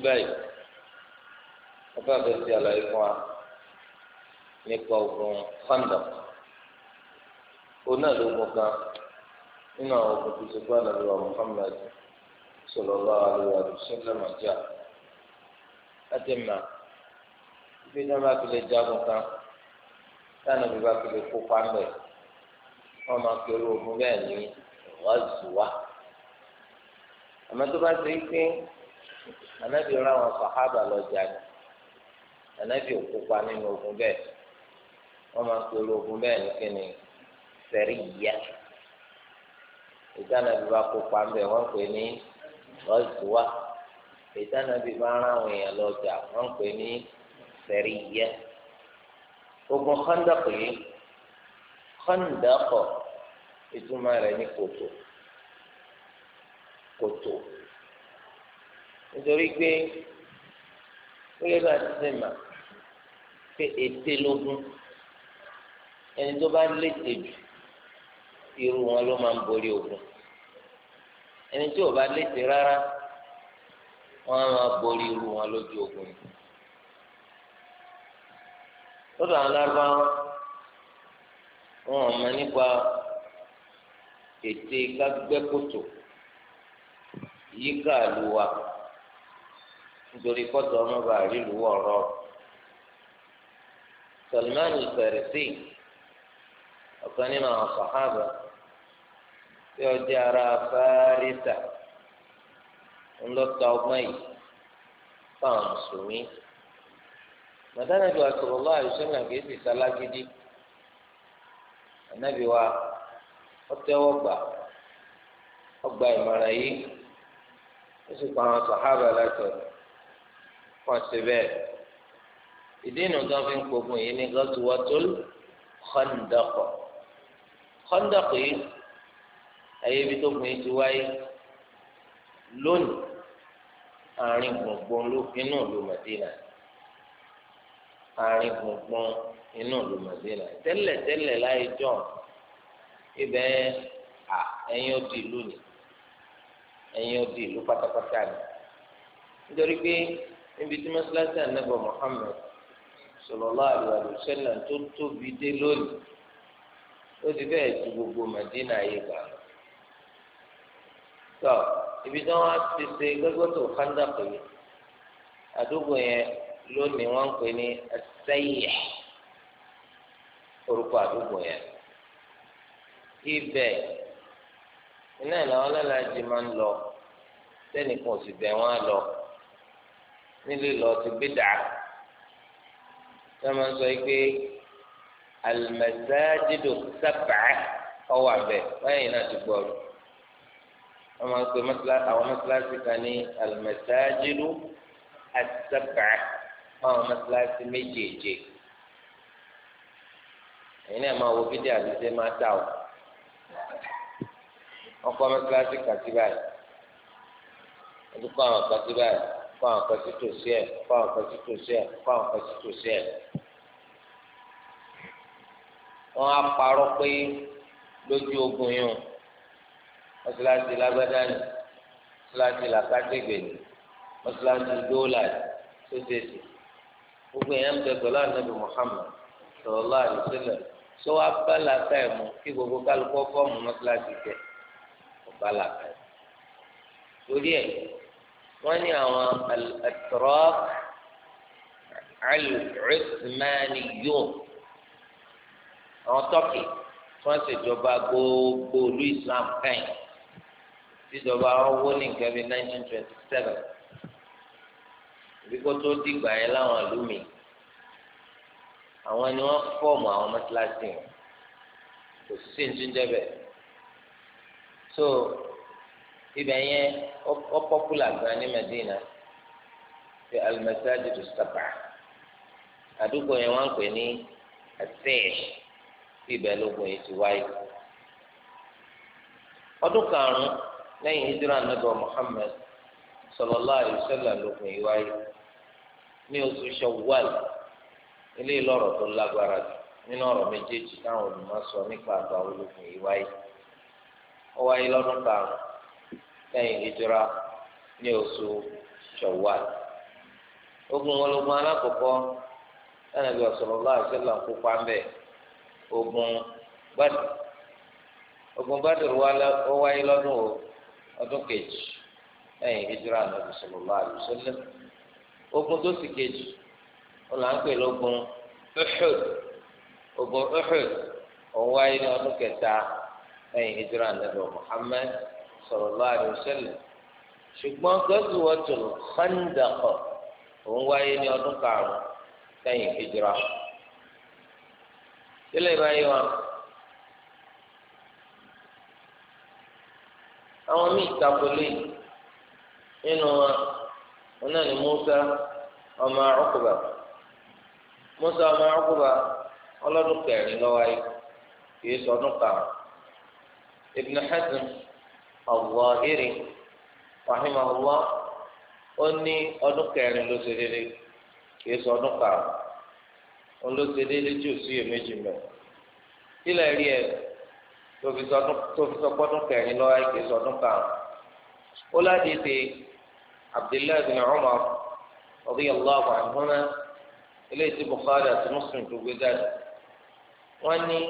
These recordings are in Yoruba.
ní báyìí wọ́n bá fẹ́ ṣe àlàyé fún wa nípa ogun kọ́ńdọ̀ òun náà lóògùn kan nínú àwọn ogun tó ti gbọ́ àlàyé wa Muhammad sallallahu alaihi wa sallam jà láti mà bí wọ́n bá fi lè jagun kan táwọn òbí bá fi lè kópa mẹ́ wọ́n máa fi ogun bẹ́ẹ̀ ní wàá zùwà àmọ́ tó bá ṣe é pé anabi ra àwọn sàhábà lọ jáde anabi ò kópa nínú ogun bẹ́ẹ̀ wọn máa ń pèrò ogun bẹ́ẹ̀ ní kíni sẹrí yíyá ìdáná bí bá kópa ń bẹ wọn pè ní ọzùwà ìdáná bí bá rán àwọn èèyàn lọ jà wọn pè ní sẹrí yíyá ogun kọ́ńdọ̀kọ̀ yìí kọ́ńdọ̀kọ̀ ìtumọ̀ rẹ̀ ní kòtò kòtò nítorí pé wíwé bá ti sè mà pé ète lógún ẹni tó bá lété jù irú wọn ló máa ń borí ogun ẹni tí ò bá lété rárá wọn á máa borí irú wọn lójú ogun ni lọ́dọ̀ àwọn lárúbáwá wọn ò mọ nípa ète kágbẹ́kòtò yíká àlùwà nítorí kọ́tọ̀ ọmọba àrílù ọ̀rọ̀ Salman al-Farisi ọ̀kan nínú àwọn sàhábà tí ó jẹ́ ara fárísà ńlọ́ta ọgbọ́n yìí fáwọn mùsùlùmí mọ̀tánàbí wa sọ̀rọ̀lá àìsàn àgbèsì sálágídí ànábì wa ọtẹ́wọ́ gbà ọgbà ìmọ̀ràn yìí ó sì pa àwọn sàhábà látọ̀rọ̀ wọn ṣe bẹ́ẹ̀ ìdí inú tó fi ń gbógun yìí ní gọ́tùwọ́tòl kọ́ńdọ̀kọ̀ kọ́ńdọ̀kọ̀ yìí ayé ibi tó gbìn ti wáyé lónìí àárín gbùngbùn inú ìlú Madina àárín gbùngbùn inú ìlú Madina tẹ́lẹ̀ tẹ́lẹ̀ láyé john ibẹ̀ à ẹ̀yin ó di ìlú ni ó di ìlú pátápátá ni nítorí pé níbi tí mọ́sálásí ànábì Muhammad sallallahu alaihi wasallam tó tóbi dé lónìí ó ti bẹ́ẹ̀ ju gbogbo Madina ayé gbà lọ. tọ́ ibi tí wọ́n ti ṣe gbẹ́gbẹ́tò kandakọ̀ yìí àdúgbò yẹn lónìí wọ́n ń pè ní asẹ́yẹ̀ orúkọ àdúgbò yẹn. ibẹ̀ iná ìlànà ọlọ́lá jì máa ń lọ sẹ́nìkan ò sì bẹ̀ wọ́n á lọ nílé lọ ti bídà sọ́mọ́ sọ pé almasajidu sábà ọwọ́ abẹ báyìí náà ti gbọ́ ọ wọ́n máa ń pè àwọn mọ́sálásí kan ní almasajidu asábà àwọn mọ́sálásí méjèèjì ẹ̀yin náà máa wo fídíò àti máa dà o wọ́n kọ́ mọ́sálásí kàtí báyìí wọ́n tún kọ́ àwọn kàtí báyìí fáwọn kan sí tòsí ẹ̀ fáwọn kan sí tòsí ẹ̀ fáwọn kan sí tòsí ẹ̀. wọ́n á parọ́ pé lójú ogun yìí mọ́sálásí lágbádá ni mọ́sálásí làkàtẹ́gbè ni mọ́sálásí dóòlà sóṣèṣì gbogbo èèyàn ń bẹ pẹ̀lú ànábì Muhammad sallallahu alaihi wasallam tó wá bá làkà ẹ̀ mú kí gbogbo kálukọ́ fọ́ọ̀mù mọ́sálásí jẹ ọ̀bá làkà torí ẹ̀ wọ́n ní àwọn ẹ̀tọ́rọ́ alùrẹ́sìmánì yóò àwọn tọ́kì tí wọ́n ṣèjọba gbogbo olú islam kẹ́yìn tíjọba owó ní nǹkan bíi nineteen twenty seven ìbíkó tó dìgbà yẹn láwọn ìlú mi àwọn ni wọ́n fọ́ọ̀mù àwọn mọ́tíláṣí wọn kò sí ní tún bẹ́ẹ̀ so. ibẹ̀ yẹn ọ pọ́pùlà gan Medina ti alimẹsáàjì tó saba àdúgbò yẹn wọ́n pè ní àtẹ́ẹ̀ tí lógun yìí ti wáyé ọdún hijira Muhammad sallallahu alaihi lógun yìí wáyé ní oṣù Shawwal ilé ìlọrọ tó lágbára nínú méjèèjì táwọn sọ nípa àgbà yìí wáyé lẹ́yìn hijira ní oṣù Shawwal ogun ológun alákòókò Ànábì sallallahu alaihi kópa ń bẹ ogun Badr ogun Badr ó wáyé lọ́dún o ọdún kejì lẹ́yìn hijira Ànábì sallallahu alaihi ogun tó sì kejì ó là ń pè ogun Uhud ó wáyé ní kẹta lẹ́yìn hijira Muhammad. sallallahu alaihi wasallam ṣùgbọ́n gazwatul Khandaq òun wáyé ní ọdún karùn-ún lẹ́yìn hijira sílẹ̀ báyìí wa àwọn míì takole nínú wa wọn náà ní Musa ọmọ Uqba Musa ọmọ Uqba ọlọ́dún kẹrin lọ́wọ́ ayé kìí sọ ọdún karùn-ún Ibn Hazm. ọ̀wọ́hìrì rahimahullah ó ní ọdún kẹrin ló ṣe déédéé kì sọ ọdún karùn-ún ló ṣe déédéé rí ẹ tó fi sọ pọ́dún kẹrin sọ ọdún karùn abdullahi bin umar radiyallahu tí àti muslim tó gbé jáde ní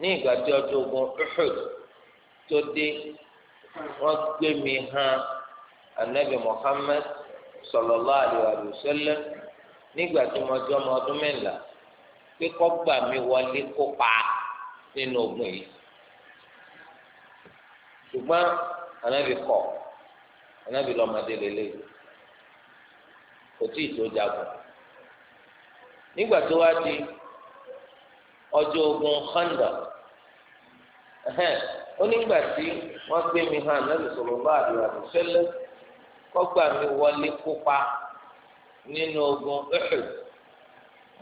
ní ìgbà tí ọjọ́ ogun Uhud tó dé wọ́n gbé mi hàn anabi Muhammad sallallahu alaihi wasallam nígbà tí mo jọ ọmọ ọdún mẹ́la pé kó gbà mí wọlé kópa nínú ogun yìí ṣùgbọ́n anabi kọ̀ anabi lọ́mọdé lélẹ̀ kò tí tó jagun nígbà tó wá di ọjọ́ ogun Khandaq onígbà tí wọ́n gbé mi hàn lẹ́nu sọ̀rọ̀ bá àdúrà tó ṣẹlẹ̀ kọ́gbà mi wọlé kópa nínú ogun ẹ̀hẹ̀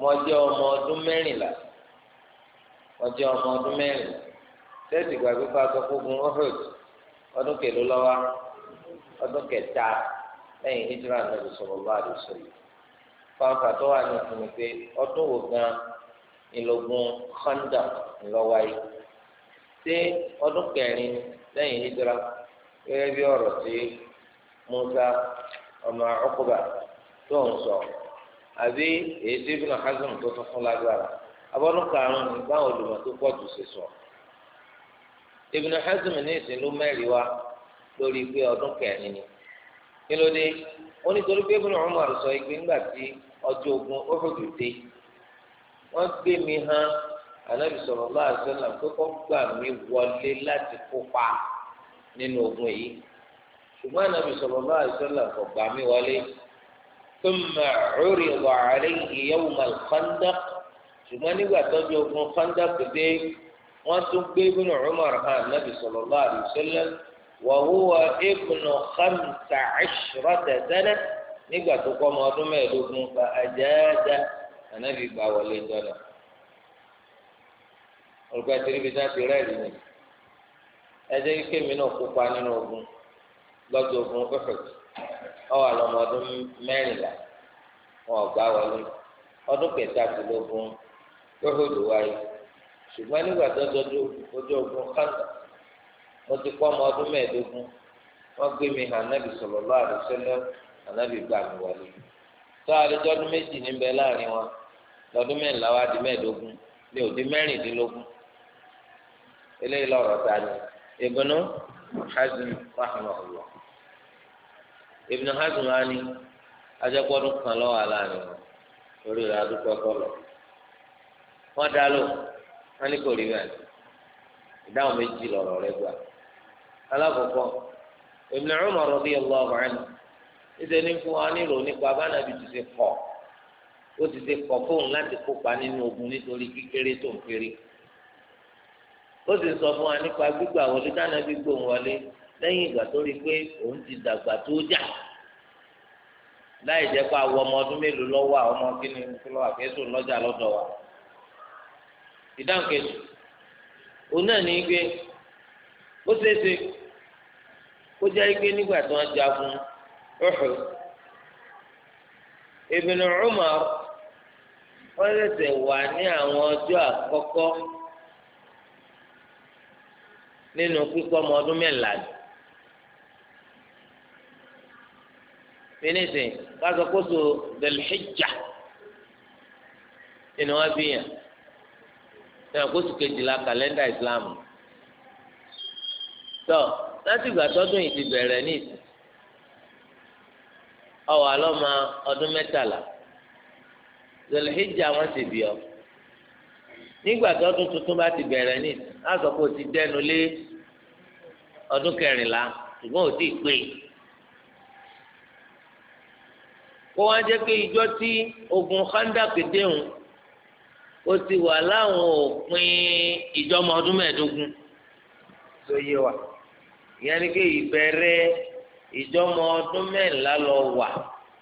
mo jẹ́ ọmọ ọdún mẹ́rìnlá mo jẹ́ ọmọ ọdún mẹ́rìnlá tẹ́sí gbàgbé bá sọ fógun ẹ̀hẹ̀ ọdún kẹló lọ́wọ́ ọdún kẹta lẹ́yìn hijira lẹ́nu sọ̀rọ̀ bá àdúrà ṣẹlẹ̀ fáfà tó wà ní ìfúnni pé ọdún wo gan-an ìlógún kọ́ńdà ńlọ́wáyé. ṣé ọdún kẹrin lẹ́yìn hijira gẹ́gẹ́ bí ọ̀rọ̀ tí musa ọmọ ọkùbà tó ń sọ àbí èyí tí ibùdó hazm tó tún fún lágbára abọ́dún karùn-ún ní olùmọ̀ tó pọ̀ sí sọ ibùdó hazm ní mẹ́rin wá lórí pé ọdún kẹrin ni kí ló dé ogun ó dé anabi sọ̀rọ̀ lọ́wọ́ àṣẹlẹ̀ kókó gbà mí wọlé láti kópa nínú ogun yìí ṣùgbọ́n anabi sọ̀rọ̀ lọ́wọ́ àṣẹlẹ̀ kò gbà mí wọlé thumma uriḍa alayhi yawm al-khandaq ṣùgbọ́n nígbà tọ́jú ogun khandaq dé wọ́n tún gbé ibn Umar hàn anabi sọ̀rọ̀ lọ́wọ́ àṣẹlẹ̀ wa huwa ibn khamsa ashrata sana nígbà tó kọ́ ọmọ ọdún mẹ́ẹ̀ẹ́dógún fa ajaza anabi gbà wọlé jọ́nà olùkọ́ ẹtì níbi náà ti rẹ́ẹ̀lì ni ẹ jẹ́ kí èmi náà kópa nínú ogun lọ́jọ́ ogun perfect ọwọ́ àlọ́mọ ọdún mẹ́rìnlá wọn ò gbá wọlé ọdún kẹtàdínlógún gbẹ́hódò wáyé ṣùgbọ́n nígbà tó dọdún ojú ogun kánà mo ti kọ́ ọmọ ọdún mẹ́ẹ̀ẹ́dógún wọ́n gbé mi hàn nábì sọ̀rọ̀ lọ́wọ́ àdúgbò ànábì gbà mí wọlé tó àdéjọ́ ọdún méjì níbẹ̀ láàrin wọn lọ́dún mẹ́rìnlá wa di mẹ́ẹ̀ẹ́dógún ní òdi mẹ́rìndínlógún eléyìí lọ́rọ̀ tani ibnu hazm rahimahullah ibnu hazm ani ajagbọdun kan lọ́wọ́ aláàánú lórí rẹ̀ adúgbò kọlọ wọn dá lò wọn ní kò rí bẹ́ẹ̀ ìdáhùn méjì lọ́rọ̀ rẹ̀ gbà alákọọkọ ibnu umar radiyallahu anhu níṣẹ ní fún wa nílò nípa ti kọ ó ti kọ fóun láti kópa nínú ogun nítorí kékeré tó ń ó sì sọ fún wa nípa gbígbà wọlé dáná gbígbó wọlé lẹ́yìn ìgbà tó rí i pé òun ti dàgbà tó jà láì jẹ́ pé àwọn ọmọ ọdún mélòó lọ́wọ́ àwọn ọmọ kí ni fúlọ́ àfẹ́sùn lọ́jà lọ́dọ̀ wa. ìdáhùn kejì òun náà ní gbé ó ṣeéṣe kó jẹ́ ike nígbà tí wọ́n jagun Uhud Ibn Umar wọ́n lẹ́sẹ̀ wà ní àwọn ọjọ́ àkọ́kọ́. nínú pípọ́ ọmọ ọdún mẹ́la ni. finisi kásòkòsò delhijja nínú wọn bí yàn nínú kóso kejìlá kàlẹ́ndà ìsìlámù tó láti ìgbà tọdún yìí ti bẹ̀rẹ̀ ní ìsìn ọwọ́ àlọ́ ma ọdún mẹ́tàlá delhijja wọn sì bí ọ nígbà tó ọdún tuntun bá ti bẹ̀rẹ̀ ní àsọ pé o ti dẹnu lé ọdún kẹrìnlá ṣùgbọ́n ò tí ì pé kó wá jẹ́ pé ìjọ tí ogun khandak déhùn ó ti wà láwọn òpin ìjọmọ ọdún mẹ́ẹ̀ẹ́dógún tó yé wa ìyẹn ni pé ìbẹ̀rẹ̀ ìjọmọ ọdún mẹ́ẹ̀ẹ́lá lọ wà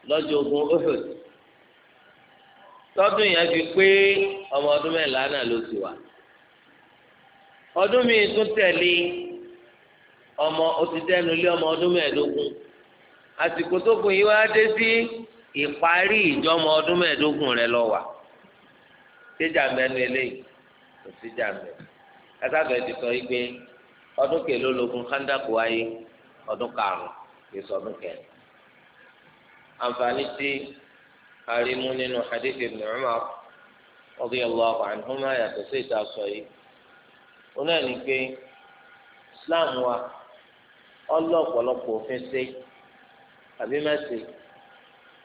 lọ́jọ́ ogun ọ̀fẹ́sì tọdún yẹn fi pé ọmọ ọdún mẹ́la náà ló ti wà ọdún míì tún tẹ̀lé ọmọ òtítẹ́nu lé ọmọ ọdún mẹ́ẹ̀ẹ́dógún àsìkò tó kù yìí wá dé sí ìparí ìjọmọ ọdún mẹ́ẹ̀ẹ́dógún rẹ lọ wà síjà mẹ́nu eléyìí kò síjà kátàfẹ́ ti sọ yìí pé ọdún kèló lógún kándákò wáyé ọdún karùn-ún kìí kẹrin àǹfààní tí. arimu nínú hadith ibn Umar radiyallahu anhuma yàtọ̀ sí ìta sọ yìí wọn náà ní pé Islam wa ọlọ́ òfin ṣe àbí mẹ́sì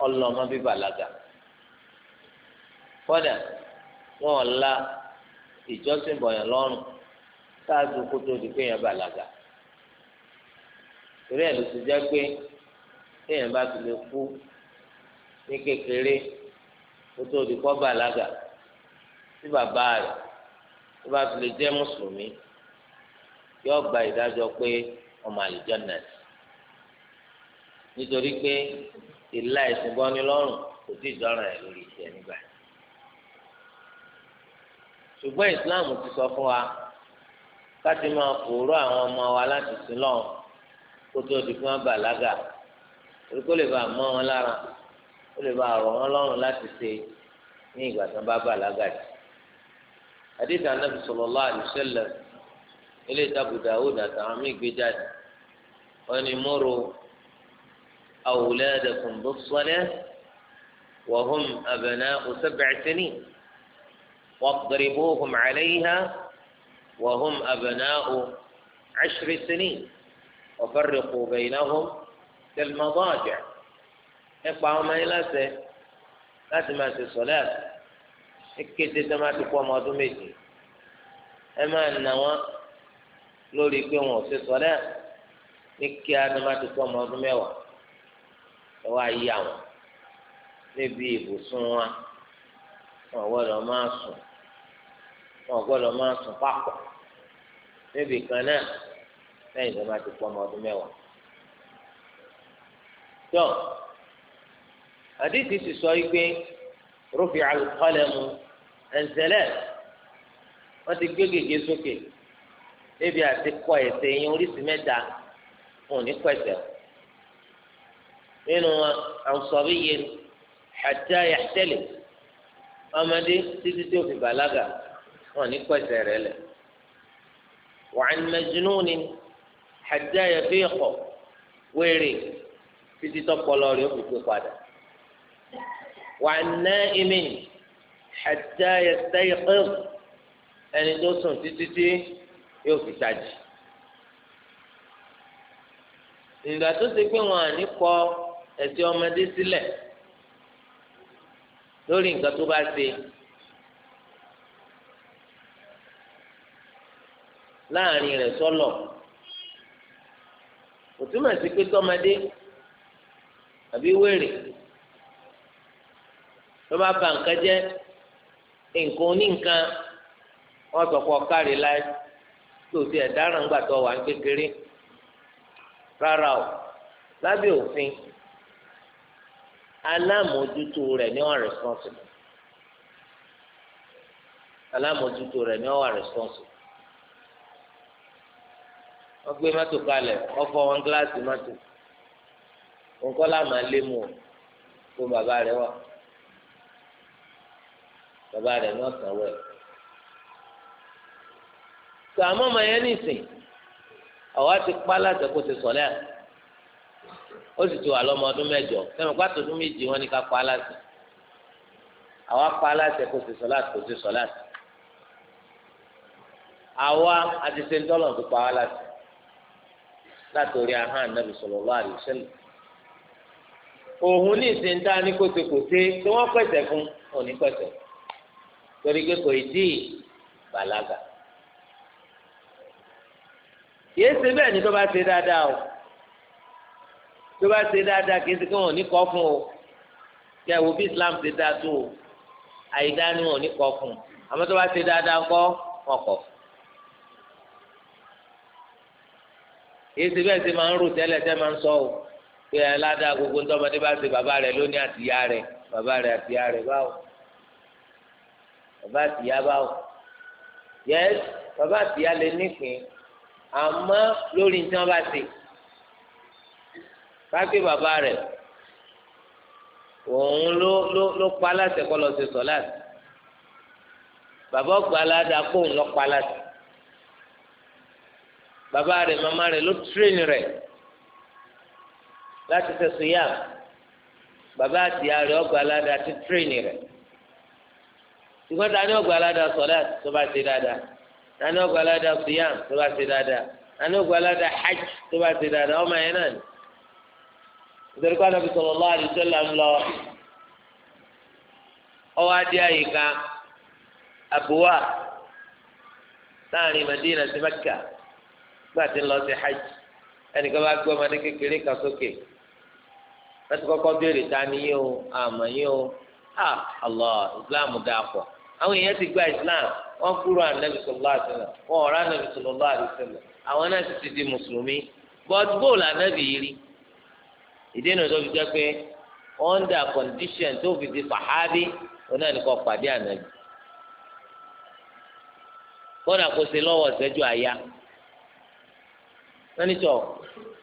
ọlọ́mọ bíbà làgà wọn la ìjọsìn bọ̀yàn lọ́rùn ṣáájú kó tó di pé yẹn balaga torí ẹ̀ ló ti pé téèyàn bá ti lè ní kékeré kótó olùkọ́ bàlágà tí bàbá rẹ̀ tó bá fi lè jẹ́ mùsùlùmí yóò gba ìdájọ́ pé ọmọ àlùjànnà nítorí pé ìlà ìsìnbọnni lọ́rùn kò tí ì dọ́ràn ẹ̀ lórí ìṣẹ́ nígbà yìí ṣùgbọ́n ìsìláàmù ti sọ fún wa láti máa fòórọ́ àwọn ọmọ wa láti sin lọ́run kó tó di fún abàlágà torí kó lè bàa mọ́ wọn lára ó lè láti ṣe ní ìgbà tán bá bà wọn lọ́rùn láti ṣe ní ìgbà tí wọ́n bá bàlágà jù àdìsá anábì sallallahu alaihi wasallam ilé ìtàbù Dawud òṣèbẹ̀ẹ́sẹ̀nì gbé jáde wọn ni múru awladakum bo sole wa hum abna'u sab'i sinin واضربوهم عليها وهم أبناء عشر سنين وفرقوا بينهم في المضاجع ẹ pa àwọn ọmọ yín láṣẹ láti máa ṣe sọlẹ ẹ kété tó máa ti pọ ọmọ ọdún méjì ẹ máa nà wọn lórí pé wọn ò ṣe sọlẹ ní kí á tó máa ti pọ ọmọ ọdún mẹ́wàá ẹ wá yí àwọn níbi ibùsùn wa wọn gbọ́dọ̀ máa sùn wọn gbọ́dọ̀ máa sùn papọ̀ níbi kan náà lẹ́yìn tó máa ti pọ ọmọ ọdún mẹ́wàá hadithi sì sọ igbe rufi alqalamu ẹnzẹlẹ wọn ti gbé gègé sókè ebi àti kọ ẹsẹ yẹn oríṣi mẹ́ta wọn ò ní kọ ẹsẹ nínú àwùsọ̀bí yẹn hatta yahtalim ọmọdé títí tí ó fi bàlágà wọn ní kọ ẹsẹ rẹ lẹ wa'an majnunin hatta yafiqa wéèrè títí tọpọlọ rẹ ó fi gbé padà. وعن نائم حتى يستيقظ أن tó sùn títí tí yóò fi tají ìgbà tó ti pé wọn à ní kọ ẹsẹ̀ ọmọdé sílẹ̀ lórí nǹkan tó bá ṣe láàrin rẹ̀ sọlọ kò túmọ̀ sí pé tọmọdé àbí wèrè. tó bá ba nǹkan jẹ́ nǹkan oníǹkan wọ́n sọ pé ọ̀kárì láì tó ti ẹ̀dáràn tó wà ní kékeré rárá o lábẹ́ òfin alámòójútó rẹ̀ ni wọ́n alámòójútó ni gbé wọn gíláàsì nǹkan o fún bàbá rẹ bàbá rẹ̀ ní ọ̀sán rẹ̀ tó àmọ́ ọmọ yẹn nìsín àwa ti pa láti kó ti sọ̀lẹ́ ó sì ti wà lọ́mọ ọdún mẹ́jọ sẹ́mi pàtó ọdún méjì wọ́n ní ká pa láti àwa pa láti kó ti sọ̀lá kó ti sọ̀lá àwa àti sèǹtọ́lọ̀ ti pa wá láti látòrí ahọ́n ànábì sallallahu alaihi wasallam òhun ní ìsìn tá a ní kó ti kò sí tí wọ́n pẹ̀sẹ̀ fún òní pẹ̀sẹ̀ fún torí pé kò tí ì bàlágà kìí ṣe bẹ́ẹ̀ ni tó bá ṣe dáadáa o tó bá ṣe dáadáa kìí ṣe kí wọn ò ní kọ́ fún o kí ẹ wo bí Islam ṣe dáa tó o àìdá ni wọn ò ní kọ́ fún o àmọ́ tó bá ṣe dáadáa kọ́ wọn kọ́ fún kìí ṣe bẹ́ẹ̀ ṣe máa ń rò tẹ́lẹ̀ tẹ́ máa ń sọ o pé aládàá gbogbo ńdọ́mọdé bá ṣe bàbá rẹ̀ lónìí àtìyá rẹ̀ bàbá rẹ̀ àtìyá rẹ̀ báwo bàbá àtìyá bá wò yẹ bàbá àtìyá lè nípìn àmọ́ lórí nǹkan bá ti kápẹ́ bàbá rẹ̀ òun ló ló ló pa aláṣẹ kọ́ lọ sí sọ́láàtì bàbá ọgbà aládàá kó òun lọ pa aláṣẹ bàbá rẹ̀ màmá rẹ̀ ló tírèèni rẹ̀ láti tẹ̀sùn yá bàbá àtìyá rẹ̀ ọgbà aládàá ti tírèèni rẹ̀ ṣùgbọ́n ta ni ó gba aládàá sọ̀lá tó bá ṣe dáadáa ta ni ó gba aládàá siyam tó bá ṣe dáadáa ta ni ó gba aládàá hajj tó bá ṣe dáadáa ọmọ yẹn náà ni. nítorí pé Ànábì sallallahu alaihi wasallam ń lọ ọwọ́ adé àyíká àbúwà láàrin Madina sí Mẹ́kà gbà tí ń lọ sí hajj ẹnìkan bá gbé ọmọdé kékeré kan sókè láti kọ́kọ́ béèrè ta ni o àmọ́ yín o ah Allah Islam dáa pọ̀. àwọn èèyàn ti gba islam wọn kúrò ànábì sọlọ àdìsẹlẹ wọn ọ̀rọ̀ ànábì sọlọ àdìsẹlẹ àwọn náà ti di mùsùlùmí but bóòlù ànábì yìí rí ìdí ènìyàn tó fi jẹ́ pé under condition tó fi di sàhábì wọn náà nìkan pàdé ànábì kódà kó ṣe lọ́wọ́ ṣẹ́jú àyà wọ́n ní sọ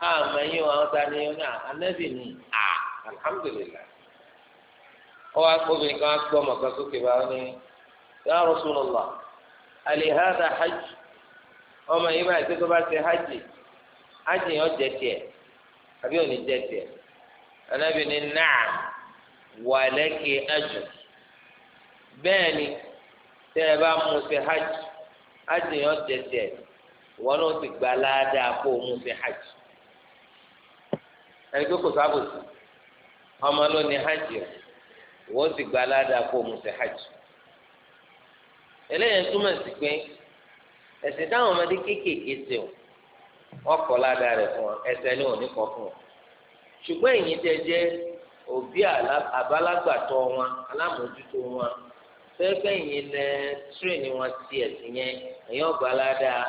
àmọ́ ẹ̀yin o àwọn tani náà ànábì kan ọmọ sókè báwọn ya Rasulullah àlè hàdà hajj ọmọ yìí báyìí pé tó bá ṣe hajj hajj yẹn jẹ tiẹ̀ àbí òní jẹ tiẹ̀ Ànábì ní na'am wa laki ajr bẹ́ẹ̀ ni tẹ́ ẹ bá mú hajj hajj hajj. eléyìí túmọ̀ sí pé ẹ̀sìn táwọn ọmọdé kéékèèké ṣe o wọ́n kọ́ ládàá rẹ̀ fún ọ ẹsẹ̀ ni kọ́ fún ọ ṣùgbọ́n ẹ̀yin tẹ́ jẹ́ òbí àbálàgbàtọ́ wọn alámòójútó wọn fẹ́ẹ́fẹ́ yìí lẹ tírẹ̀nì wọn ti ẹ̀sìn yẹn ẹ̀yin ọgbà ládàá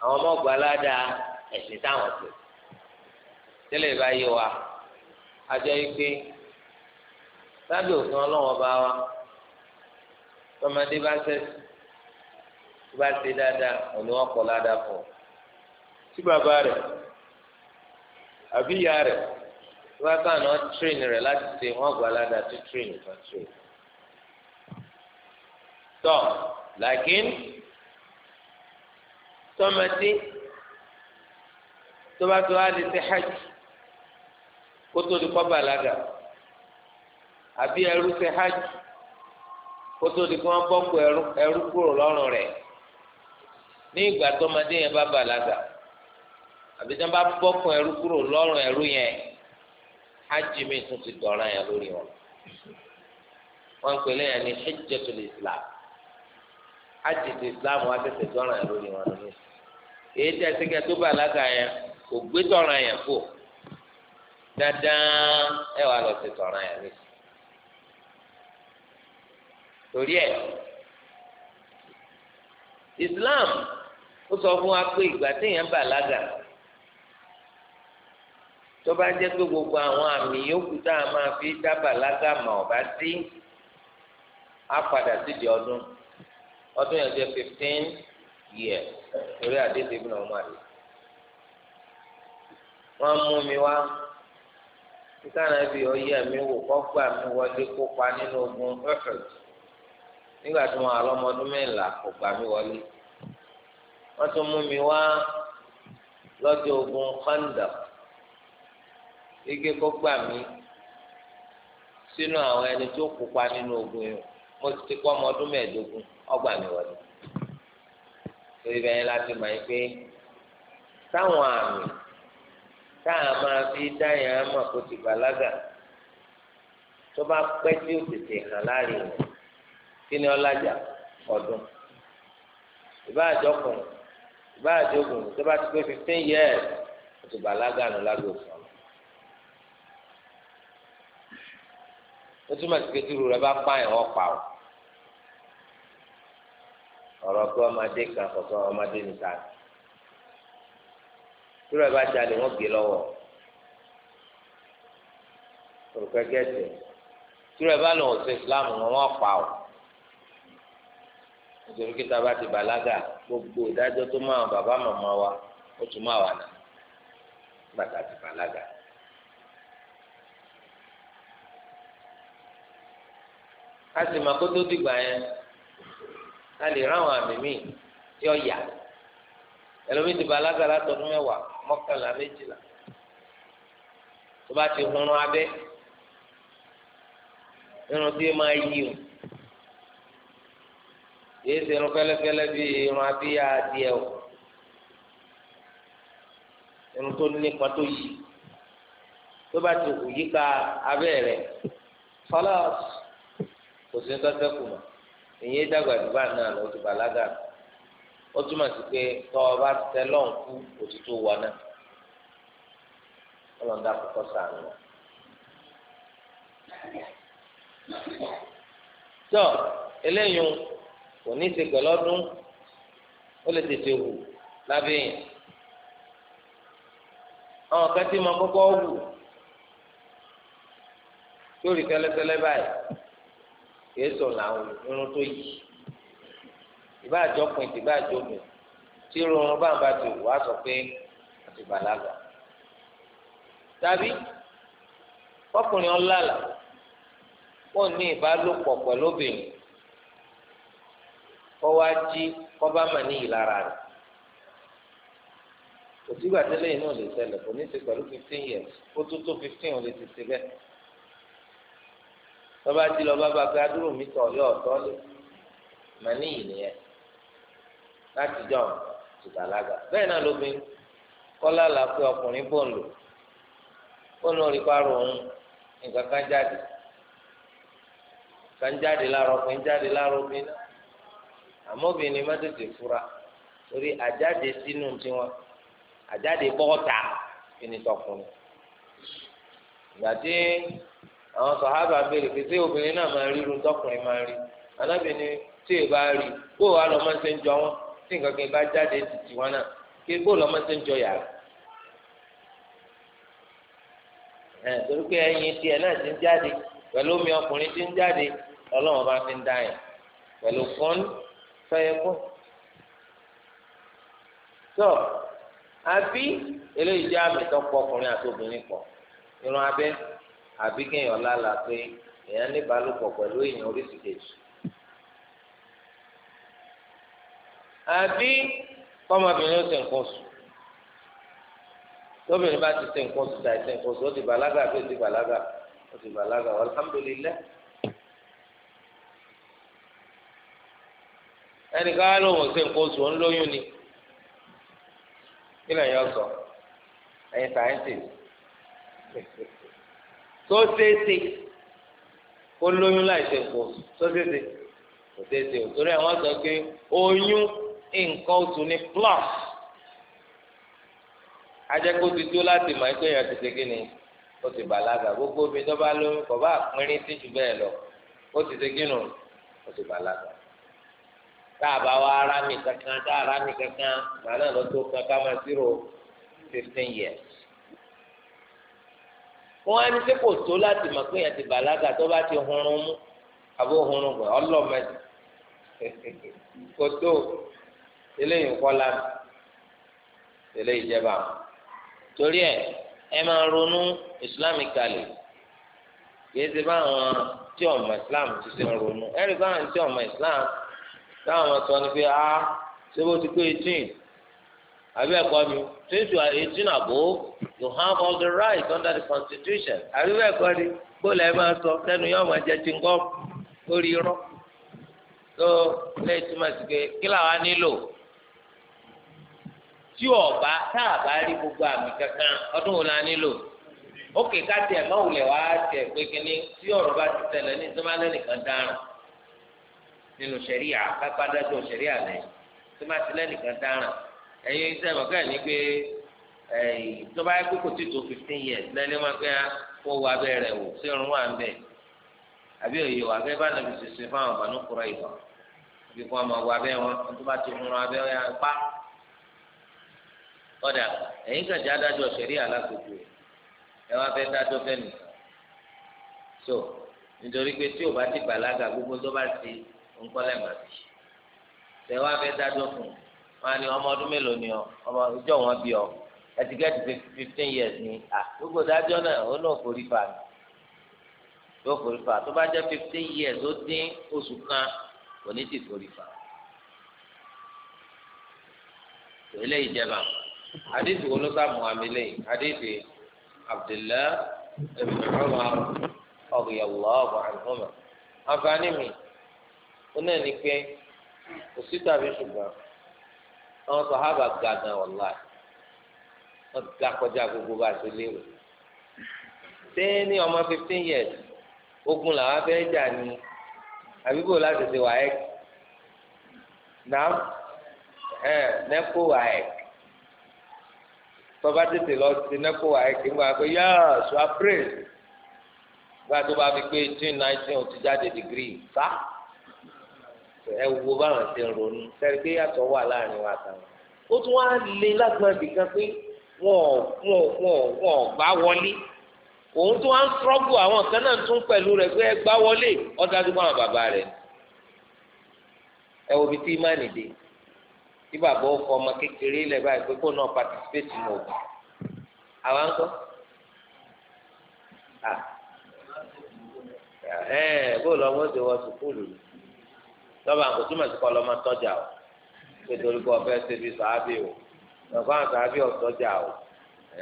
àwọn ládàá ẹ̀sìn táwọn tẹ́lẹ̀ bá wa lábẹ́ òfin ọlọ́wọ́ bá wa. tọmọdé bá sẹsì tó bá ṣe dáadáa òní wọn kọ ládàá fọ tí bàbá rẹ àbí ìyá rẹ tó bá bá àná tírìn rẹ láti ṣe wọn gbà ládàá tó tírìn kan tírìn tọ làkín tọmọdé tó bá tó wá lè ṣe hajj kótó ní kọ́ bàlágà àbí ẹrú ṣe hajj kótó di kí wọ́n bọ́kù ẹrú kúrò lọ́rùn rẹ̀ ní ìgbà tọ́mọdé yẹn bá bàlágà àbí tí wọ́n bá bọ́kù ẹrú kúrò lọ́rùn ẹrú yẹn hajj mi tún ti dọ̀ra yẹn lórí wọn wọ́n pè lẹ́yìn ní hajjatul islam hajj ti islam wọ́n tẹ̀sẹ̀ dọ̀ra yẹn lórí wọn lónìí èyí tẹ́ sẹ́kẹ́ tó bàlágà yẹn kò gbé dọ̀ra yẹn kù dáadáa ẹ wà lọ sí dọ̀ra yẹn lónìí. torí e, Islam ó sọ fún wa pé ìgbà téèyàn bàlágà tó bá jẹ́ pé gbogbo àwọn àmì yòókù tá a máa fi daba bàlágà mà ọ̀bá sí á padà sídìí ọdún ọdún yẹn jẹ́ fifteen years torí àdéhùn ìbùnà ọmọ àdé mi wá kíkà náà bí ọyẹ mi wò kọ́ gbà mí wọlé kópa nínú ogun nígbà tí wọn àlọ́ ọmọdún mẹ́la kò gbà mí wọlé wọ́n tún mú mi wá lọ́jọ́ ogun kọ́ńdà igi kó gbà mí sínú àwọn ẹni tó kópa nínú ogun yìí mo ti kọ́ ọmọdún mẹ́ẹ̀ẹ́dógún ọgbà mi wọlé torí bẹ́ẹ̀ láti mọ̀ pé táwọn àmì tá máa fi dáyà á mọ̀ kó ti bàlágà tó bá pẹ́ tí ó tètè hàn láàrin rẹ̀ kí ni ọlájà ọdún ìbá àjọkùn ìbá àjọkùn tó bá ti pé fifteen years ó ti bàlágà nù lágbófin ó túmọ̀ sí pé tìrú rẹ bá pààyàn wọ́n pa ọ́ ọ̀rọ̀ pé ọmọdé kan kọ̀ọ̀kan ọmọdé níta tìrú rẹ bá jalè wọ́n gé lọ́wọ́ òrùka gẹ́tẹ̀ tìrú rẹ bá lọ́wọ́ sí Islam wọ́n pa ọ́ nítorí kí tábà ti bàlágà gbogbo ìdájọ́ tó máa bàbá màmá wa ó tún máa wà náà bàtà ti bàlágà. a sì máa kó tó dìgbà yẹn a lè ráwọn àmì míì tí ó yà ẹlòmíì ti bàlágà látọdún mẹ́wàá mọ́kànlá méjìlá tó bá ti hunrun abẹ́ irun tí ó máa yí o kìí ṣe irun fẹlẹfẹlẹ bí irun abíyá adìẹ o irun tó nípa tó yí tó bá ti kù yíká abẹ́ rẹ̀ fọlá kò sí tọ́tẹ́ kù mọ́ ìyẹn dàgbà dùbà náà ló ti bàlágà ó túmọ̀ sí pé tọ́ ọ bá tẹ lọ́hùn kú òtítọ́ wọn náà ọlọ́dà kọ́kọ́ sàánú wọn. tọ́ eléyìí kò ní í ṣe gbẹlọdún ó lè tètè wù lábẹ́ yẹn àwọn kan tí mo kọ́kọ́ wù sórí tẹ́lẹ̀tẹ́lẹ̀ báyìí kìí sọ làwọn irun tó yí ìbáàjọ pin tí ìbáàjọ mi tí irun bá ń bá ti wù á sọ pé àti bàlágà tàbí ọkùnrin ọlọ́lá kò ní ìbálòpọ̀ pẹ̀lú obìnrin kọ́wá jí kọ́bá mà ní ìlara rẹ̀ òtígbà tẹ́lẹ̀ inú ò lè ṣẹlẹ̀ kò ní í pẹ̀lú fifteen years ó tó tó fifteen ò lè ti ṣe bẹ́ẹ̀ tọ́ba jí lọ bá bá pé adúrò mi tọ̀ yọ ọ̀tọ́ lé mà ní ìnìyẹn láti jọ ìgbàlagbà bẹ́ẹ̀ náà lóbìnrin kọ́lá là pé ọkùnrin bò ń lò ó lọ rí parọ́ òun nǹkan kan jáde kan jáde lára ọkùnrin jáde lára obìnrin náà àmọ́ obìnrin má tètè fura torí àjáde sínú tiwọn àjáde bọ́ọ̀tà ẹni tọkùnrin ìgbà tí àwọn sàhábà béèrè pé tí obìnrin náà máa rí irun tọkùnrin máa rí alábìnrin tí èèyàn bá rí bó wàá lọ máa ń ṣe ń jọ wọn tí nǹkan kan bá jáde títí wọn náà kí bó lọ máa ṣe ń jọ yàrá. ẹ torí pé ẹyin tiẹ̀ náà ti ń jáde pẹ̀lú omi ọkùnrin ti ń jáde ọlọ́wọ́n bá fi ń dá yẹn pẹ̀lú fún fẹyẹkùn tó àbí eléyìí jẹ àmì tó pọ̀ ọkùnrin àti obìnrin pọ̀ irun abẹ́ àbí kéèyàn lálàá pé èèyàn ní ìbálòpọ̀ pẹ̀lú èèyàn oríṣi kejì àbí kọ́mọbìnrin ó ti nǹkan sùn tóbìnrin bá ti ti nǹkan sùn tàì ti nǹkan sùn ó ti bàlágà àbí ó ti bàlágà ó ti bàlágà alhamdulilayi. ẹnìkan á lóun ṣe nǹkan oṣù ń lóyún ni kí lẹ́yìn ọ̀sọ̀ ẹ̀yin scientist tó ṣeéṣe kó lóyún láì ṣe nǹkan oṣù tó ṣeéṣe kò ṣeéṣe o torí àwọn sọ pé oyún nǹkan oṣù ni plus ajẹ́kó ti tó láti mọ̀ ẹgbẹ́ yẹn ti ṣe kí ni ó ti bàlágà gbogbo obìnrin tó bá lóyún kò bá pínrín sí jù bẹ́ẹ̀ lọ ó ti ṣe kí ni ó ti bàlágà táàbà wa ara mi kankan táàrà mi kankan màá náà lọ tó kankan máa zero fifteen years. wọ́n á ní sẹ́kò tó láti mọ̀ pé yẹn ti bàlágà tó bá ti hunrun mú àbó hunrun gbọ̀ ọlọ́mọdé kò tó eléyìí kọ́ lánàá eléyìí jẹba torí ẹ ẹ máa ronú islamically kì í ṣe báwọn tí ọmọ islam ti ṣe ń ronú ẹ rí báwọn tí ọmọ islam. táwọn sọ ni pé a ṣé bó ti pé eighteen àbí ẹ̀kọ́ mi since you are eighteen have all the rights under the constitution àbí bẹ́ẹ̀ ni bóòlù ẹ̀ máa sọ sẹ́nu yóò máa jẹ ti ń gọ́ lórí irọ́ tó lẹ́yìn tí kí làwa nílò tí ọba tá a bá rí gbogbo àmì kankan ọdún wo la nílò òkè ká tiẹ̀ máa wulẹ̀ wá tiẹ̀ pé kínní tí ọ̀rọ̀ bá ní nínú sẹríà kápá dájọ sẹríà lẹ tó bá ti lẹnìkan dáràn ẹyin iṣẹ bàbá ẹ ní pé tó bá yẹ kó kò tí tó fifteen years lẹni máa pé kó wọ abẹ rẹ wò sí irun wà ń bẹ àbí òye wà abẹ bá nàbì ṣiṣẹ fáwọn ọmọ nìkúrọ ìwà àbí kó ọmọ wọ abẹ wọn tó bá ti múra abẹ wọn pa kódà ẹyin kàjá dájọ sẹríà alákòókò ẹ wá fẹ dájọ fẹ so nítorí pé tí o bá ti bàlágà gbogbo tó bá ti ńkọ́lẹ̀ máa fi ṣe wá fẹ́ dájọ́ fún un wọn ni ọmọ ọdún mélòó ni ọ ọmọ ìjọ wọn bí ọ ẹtì gẹ́tì fifteen years ni à gbogbo dájọ́ náà ó náà forí fa yóò forí fa tó bá jẹ́ fifteen years ó dín oṣù kan kò ní ti forí fa ilé ìjẹba àdìsí wo ló sá muhammed lẹ́yìn àdìsí abdullahi ibn umar radiyallahu anhuma àǹfààní mi ó ni ní pé kò sí tàbí ṣùgbọ́n àwọn sàhábà ga gan ọ̀la wọ́n ga kọjá gbogbo bá a ṣe léwu ṣé ní ọmọ fifteen years ogun làwọn afẹ́ jà ní àbíkò láti ṣe wàá ẹ̀kì náà ẹ̀ nẹ́kó wàá ẹ̀kì tọ́ba tètè lọ sí nẹ́kó wàá ẹ̀kì ń gbà pé yáà ṣùgbọ́n pray gba fi pé eighteen nineteen ó ti jáde degree sá ẹ wo báwọn ti ń ronú sẹ́ni pé yàtọ̀ wà láàrin wa àtàwọn ó tún wá lé lágbọ́n ibìkan pé wọn ò wọn ò wọn ò wọn ò gbá wọlé òun tún wá ń trọ́bù àwọn kan náà tún pẹ̀lú rẹ̀ pé ẹ gbá wọlé ọ̀dájú báwọn bàbá rẹ̀ ẹ wo ibi tí ìmánì dé tí bàbá ó ọmọ kékeré ilẹ̀ báyìí pé kó náà patisipéètì mọ̀ òbí àwa ń kọ́ ẹ bó lọ wọ́n ti wọ sùkúlù yìí sọ́ba kò túmọ̀ sí kọ́ lọ́mọ tọ́jà o nítorí kọ́ fẹ́ ṣe bí sàábì o nǹkan àwọn sàábì ọ̀tọ́jà o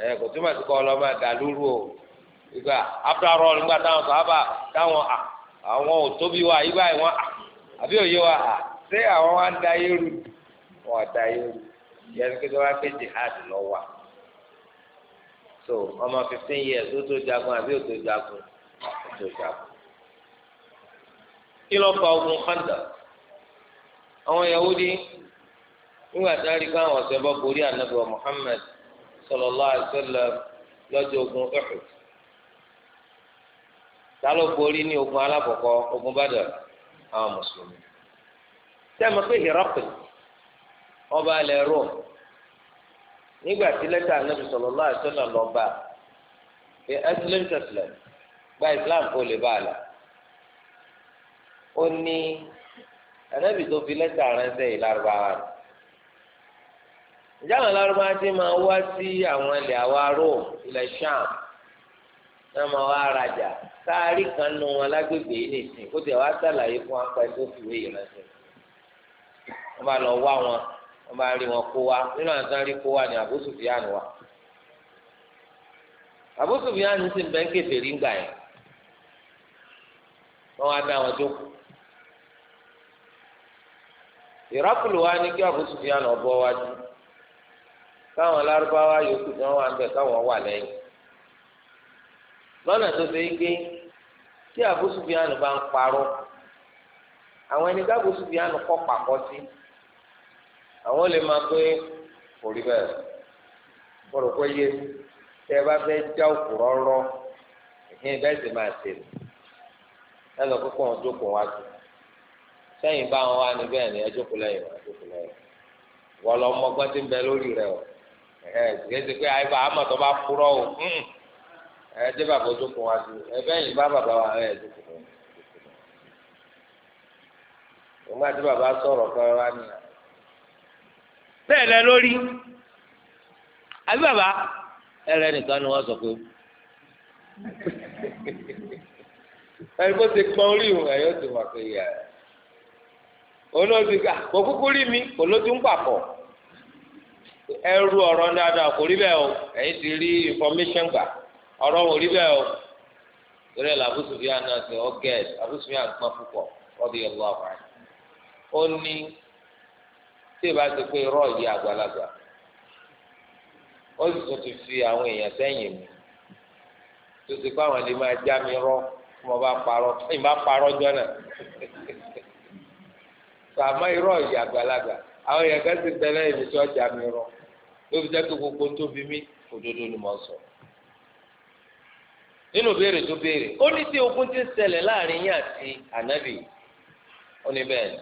ẹ̀ kò túmọ̀ sí kọ́ dàlúrú o ìgbà after all nígbà táwọn sàábà táwọn àwọn ò tóbi wa yí báyìí wọn àbí òye wa ṣé àwọn wa ń da yéru wọn ò da yéru yẹn kí wọ́n wá pé jihad lọ wà so ọmọ fifteen years ó tó jagun àbí ó tó jagun ó tó jagun kí ló fa ogun Khandaq. àwọn Yahudi nígbà tí wọ́n rí káwọn ọ̀sẹ̀ bọ́ borí ànábì wa Muhammad sallallahu alaihi wasallam lọ́jọ́ ogun Uhud ta ló borí ní ogun alákọ̀ọ́kọ́ ogun Badr àwọn mùsùlùmí sẹ́mi pé Hiraql ọba alẹ́ Rome nígbà tí lẹ́tà ànábì sallallahu alaihi wasallam lọ bá ẹ ẹsìlẹ́m tẹ̀sílẹ̀ gba Islam kó lè bá a la ó ní. ànábì tó fi lẹ́tà ránṣẹ́ yìí lárúbáwá ìjà àwọn lárúbáwá ti máa wá sí àwọn ilẹ̀ àwa Rome ilẹ̀ sham náà máa wá rajà sáárì kan nu wọn lágbègbè yìí nìsín kó tẹ̀ wá sàlàyé fún tó fi wéyìí ránṣẹ́ wọn bá lọ wá wọn wọn bá rí wọn kó wa nínú àtàn rí kó wa ní ìrákùlù wa ní kí Abu Sufyan lọ bọ́ wájú káwọn lárúbáwá yòókù tí wọ́n wà ń bẹ̀ káwọn wà lẹ́yìn lọ́nà tó ṣe é gbé tí Abu Sufyan bá ń parọ́ àwọn ẹni tí Abu Sufyan kọ́ pàkọ́ sí àwọn lè máa pé kò rí bẹ́ẹ̀ bọ́dọ̀ pé yé tẹ́ ẹ bá fẹ́ já òkú rọ́rọ́ ẹ̀hìn bẹ́ẹ̀ sì máa ṣe ẹ lọ kókó wọn jókòó wájú. sẹ́yìn bá wọn wá níbẹ̀ ni ẹjọ́ kò lẹ́yìn wọn ẹjọ́ kò lẹ́yìn wọn lọ tí ń bẹ lórí rẹ o ẹ pé àyè bá bá kúrọ̀ o hmm. ẹ dé bàbá ojú wá sí ẹ bá bàbá lórí àbí bàbá ẹrẹ nìkan ni sọ pé bó ti pọn orí wà pé olóògbé kò kúkú rí mi kò lójú ń pàpọ̀ ẹrú ọ̀rọ̀ dáadáa kò rí bẹ́ẹ̀ o ẹ̀yin ti rí information gbà ọ̀rọ̀ ò rí bẹ́ẹ̀ o torí ẹ̀ làbúsù bí àná ṣe ọ̀gẹ́ àbúsù bí àgbà púpọ̀ ọ̀dọ̀ yẹn lọ́wọ́ àbáyé ó ní tí ìbá ti pé irọ́ yìí àgbàlagbà ó sì tún ti fi àwọn èèyàn sẹ́yìn mi tó ti pé àwọn ẹni máa já mi rọ́ tí mo bá parọ́ tí mo bá parọ́ jọ náà. sọ àmọ́ irọ́ ìyá àgbàlagbà àwọn èèyàn kan ti bẹ̀rẹ̀ èmi tí ọjà mi rọ ló fi gbogbo tó fi mí òdodo ni mo sọ. nínú béèrè ti ń ṣẹlẹ̀ láàrin yín àti ànábì ó ní bẹ́ẹ̀ ni.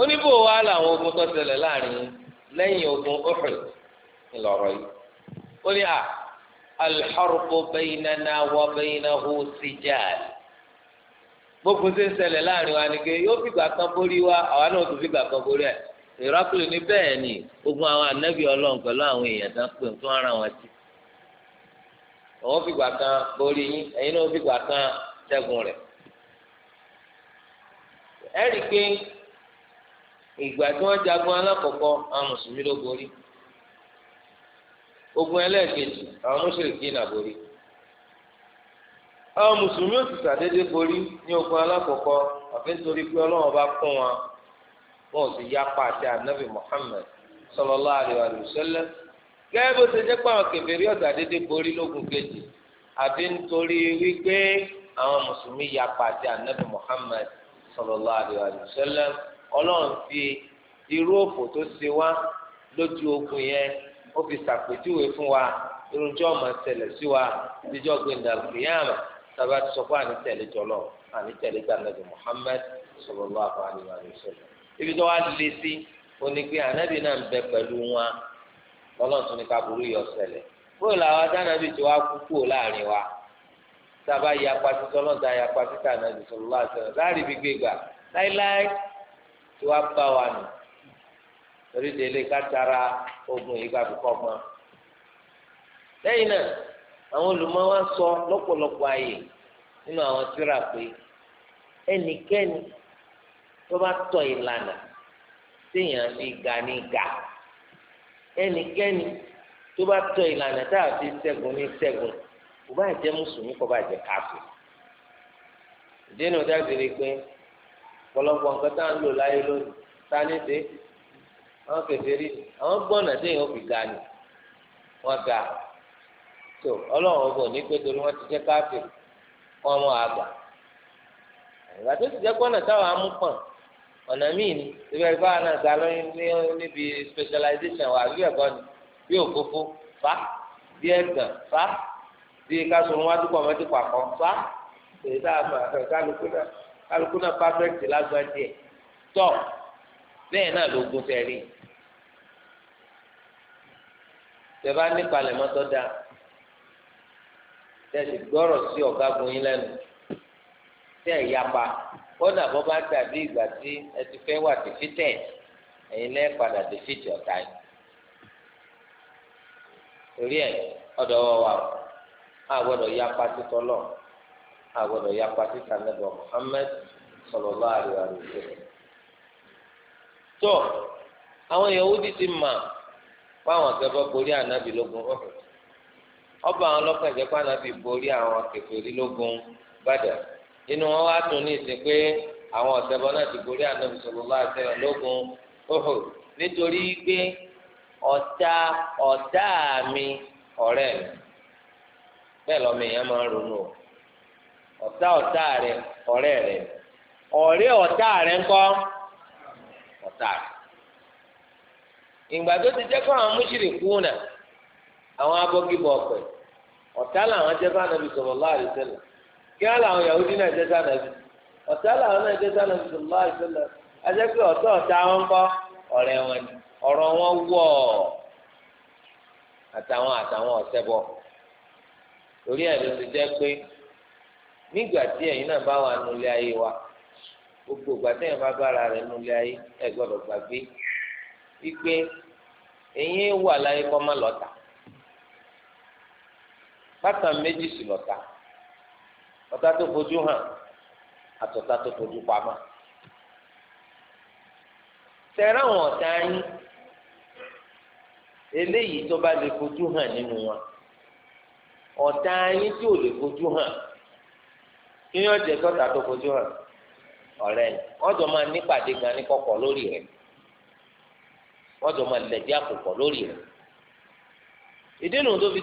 ó ní bò wá làwọn ogun tó ṣẹlẹ̀ láàrin lẹ́yìn ogun Uhud ńlọrọ̀ yìí ó ní gbogbo ṣe ń ṣẹlẹ̀ láàrin wa ni pé yóò fìgbà kan borí wa àwa náà tó fìgbà kan borí ẹ̀ ìrákùlù ní bẹ́ẹ̀ ni gbogbo àwọn anábì ọlọ́run pẹ̀lú àwọn èèyàn tán pé tó ara wọn ti òun fìgbà kan borí yín ẹ̀yin náà fìgbà kan ṣẹ́gun rẹ̀ ẹ rí pé ìgbà tí wọ́n jagun alákọ̀ọ́kọ́ àwọn mùsùlùmí ló borí ogun ẹlẹ́ẹ̀kejì àwọn mùsùlùmí náà borí àwọn mùsùlùmí ò sì ṣàdédé borí ní ogun alákọ̀ọ́kọ́ àfi nítorí pé ọlọ́run bá kún wọn wọn ò sì yapa àti ànábì Muhammad sallallahu alaihi wasallam gẹ́gẹ́ bó ṣe jẹ́ pé àwọn kèfèrí ò ṣàdédé borí lógun kejì àfi nítorí wípé àwọn mùsùlùmí yapa àti ànábì Muhammad sallallahu alaihi wasallam ọlọ́run fi irú òfò tó ṣe wá lójú ogun yẹn ó fi ṣàpèjúwe fún wa irun tí ọmọ ṣẹlẹ̀ sí wa níjọ́ gbẹ̀ndàlùkìyàmà tàbí àti sọ pé jọlọ àní tẹ̀lé tànàbí Muhammad sallallahu alaihi wa sallam ibi tó wá lé sí onígbé ànábì náà ń bẹ pẹ̀lú wọn lọ́lọ́run tún ní ká yọ ṣẹlẹ̀ bóyá làwọn tànàbì tí wàá kú kúrò láàrin ya sọlọ́n ya láàrin ibi gbégbà láíláí tí bá wa nù torí délé ká tara àwọn olùmọ̀ wa sọ lọ́pọ̀lọpọ̀ ààyè nínú àwọn tírà pé ẹnikẹ́ni tó bá tọ̀ ìlànà téèyàn fi ga ní ga ẹnikẹ́ni tó bá tọ̀ ìlànà tá a fi ṣẹ́gun ní ṣẹ́gun kò bá jẹ́ mùsùlùmí kò bá jẹ́ káfíìn ìdí ni ọjà ti rí i pé ọ̀pọ̀lọpọ̀ nǹkan tá à ń lò láyé lónìí tá a ní ṣe àwọn kẹfẹ́ rí àwọn gbọ́nà téèyàn fi ga ni wọ́n ga tó ọlọ́run ọgbọ̀n ní pé torí wọ́n ti jẹ́ káfíìn kọ́ ọmọ àgbà ìgbà tó ti jẹ́ pọ́nà táwọn amúpọ̀n ọ̀nà míì ni ibẹ̀ ìgbà náà ga lóyún níbi specialization wà bí ẹ̀kọ́ ni bí òfófó fa bí ẹ̀gàn fa bí kásòrò wájú pọ̀ mọ́tò pàkọ́ fa èyí tá a máa fẹ́ kálukú náà kálukú náà perfect lágbá díẹ̀ tọ́ bẹ́ẹ̀ náà ló gún fẹ́ rí nípa lẹ̀ dáa tẹ̀sí gbọ́rọ̀ sí ọ̀gágun yín lẹ́nu tẹ̀ yapa kódà bó bá dàbí ìgbà tí ẹ ti fẹ́ wà dèfítẹ̀ ẹ̀yin lẹ́ padà dèfítì ọ̀tá yìí torí ẹ̀ ọ̀dọ̀ wa a gbọ́dọ̀ yapa títọ́ lọ a gbọ́dọ̀ yapa títà lẹ́bọ̀ Muhammad sallallahu alaihi wasallam tó àwọn Yahudi ti mà fáwọn akẹ́kọ̀ọ́ borí ànábì lógun ọ̀hún. ọba àwọn ọlọ́kàn ìjẹ́pá náà fi borí àwọn kèfèrí lógun Badr inú wọn wá tún ní ìsìn pé àwọn ọ̀sẹ̀bọ náà ti borí àwọn sallallahu alaihi nítorí pé ọ̀tá ọ̀tá mi ọ̀rẹ́ mi bẹ́ẹ̀ lọ́mọ èèyàn máa ń ronú o ọ̀tá ọ̀tá rẹ ọ̀rẹ́ rẹ ọ̀rẹ́ ọ̀tá rẹ ọ̀tá rẹ ìgbà tó ti jẹ́ kó àwọn àwọn abọ́gibọ̀ ọ̀pẹ̀ ọ̀tá làwọn jẹ́ bá nàbì sọ̀rọ̀ alaihi wasallam kí á làwọn Yahudi náà ọ̀tá làwọn náà sọ̀rọ̀ ajẹ́ ọ̀tá ọ̀tá wọn ọ̀rẹ́ ọ̀rọ̀ wọn wọ̀ àtàwọn àtàwọn ọ̀sẹ̀ torí ẹ̀ ti jẹ́ pé nígbà tí ẹ̀yin bá wà nulẹ̀ ayé wa gbogbo ìgbà bákan méjì sì lọ́ta ọ̀tá tó fojú hàn àtọ̀tá tó fojú pamọ́ tẹ̀rẹ́ àwọn ọta anyị eléyìí tó bá lè fojú hàn nínú wọn ọ̀tá yín tí ò lè fojú hàn kí yóò jẹ́ tọ́ta tó fojú hàn ọ̀rẹ́ yìí wọ́n máa nípàdé gan ní kọ̀kọ̀ lórí rẹ̀ máa lẹ̀dí àkùkọ̀ lórí rẹ̀ ìdí nu tó fi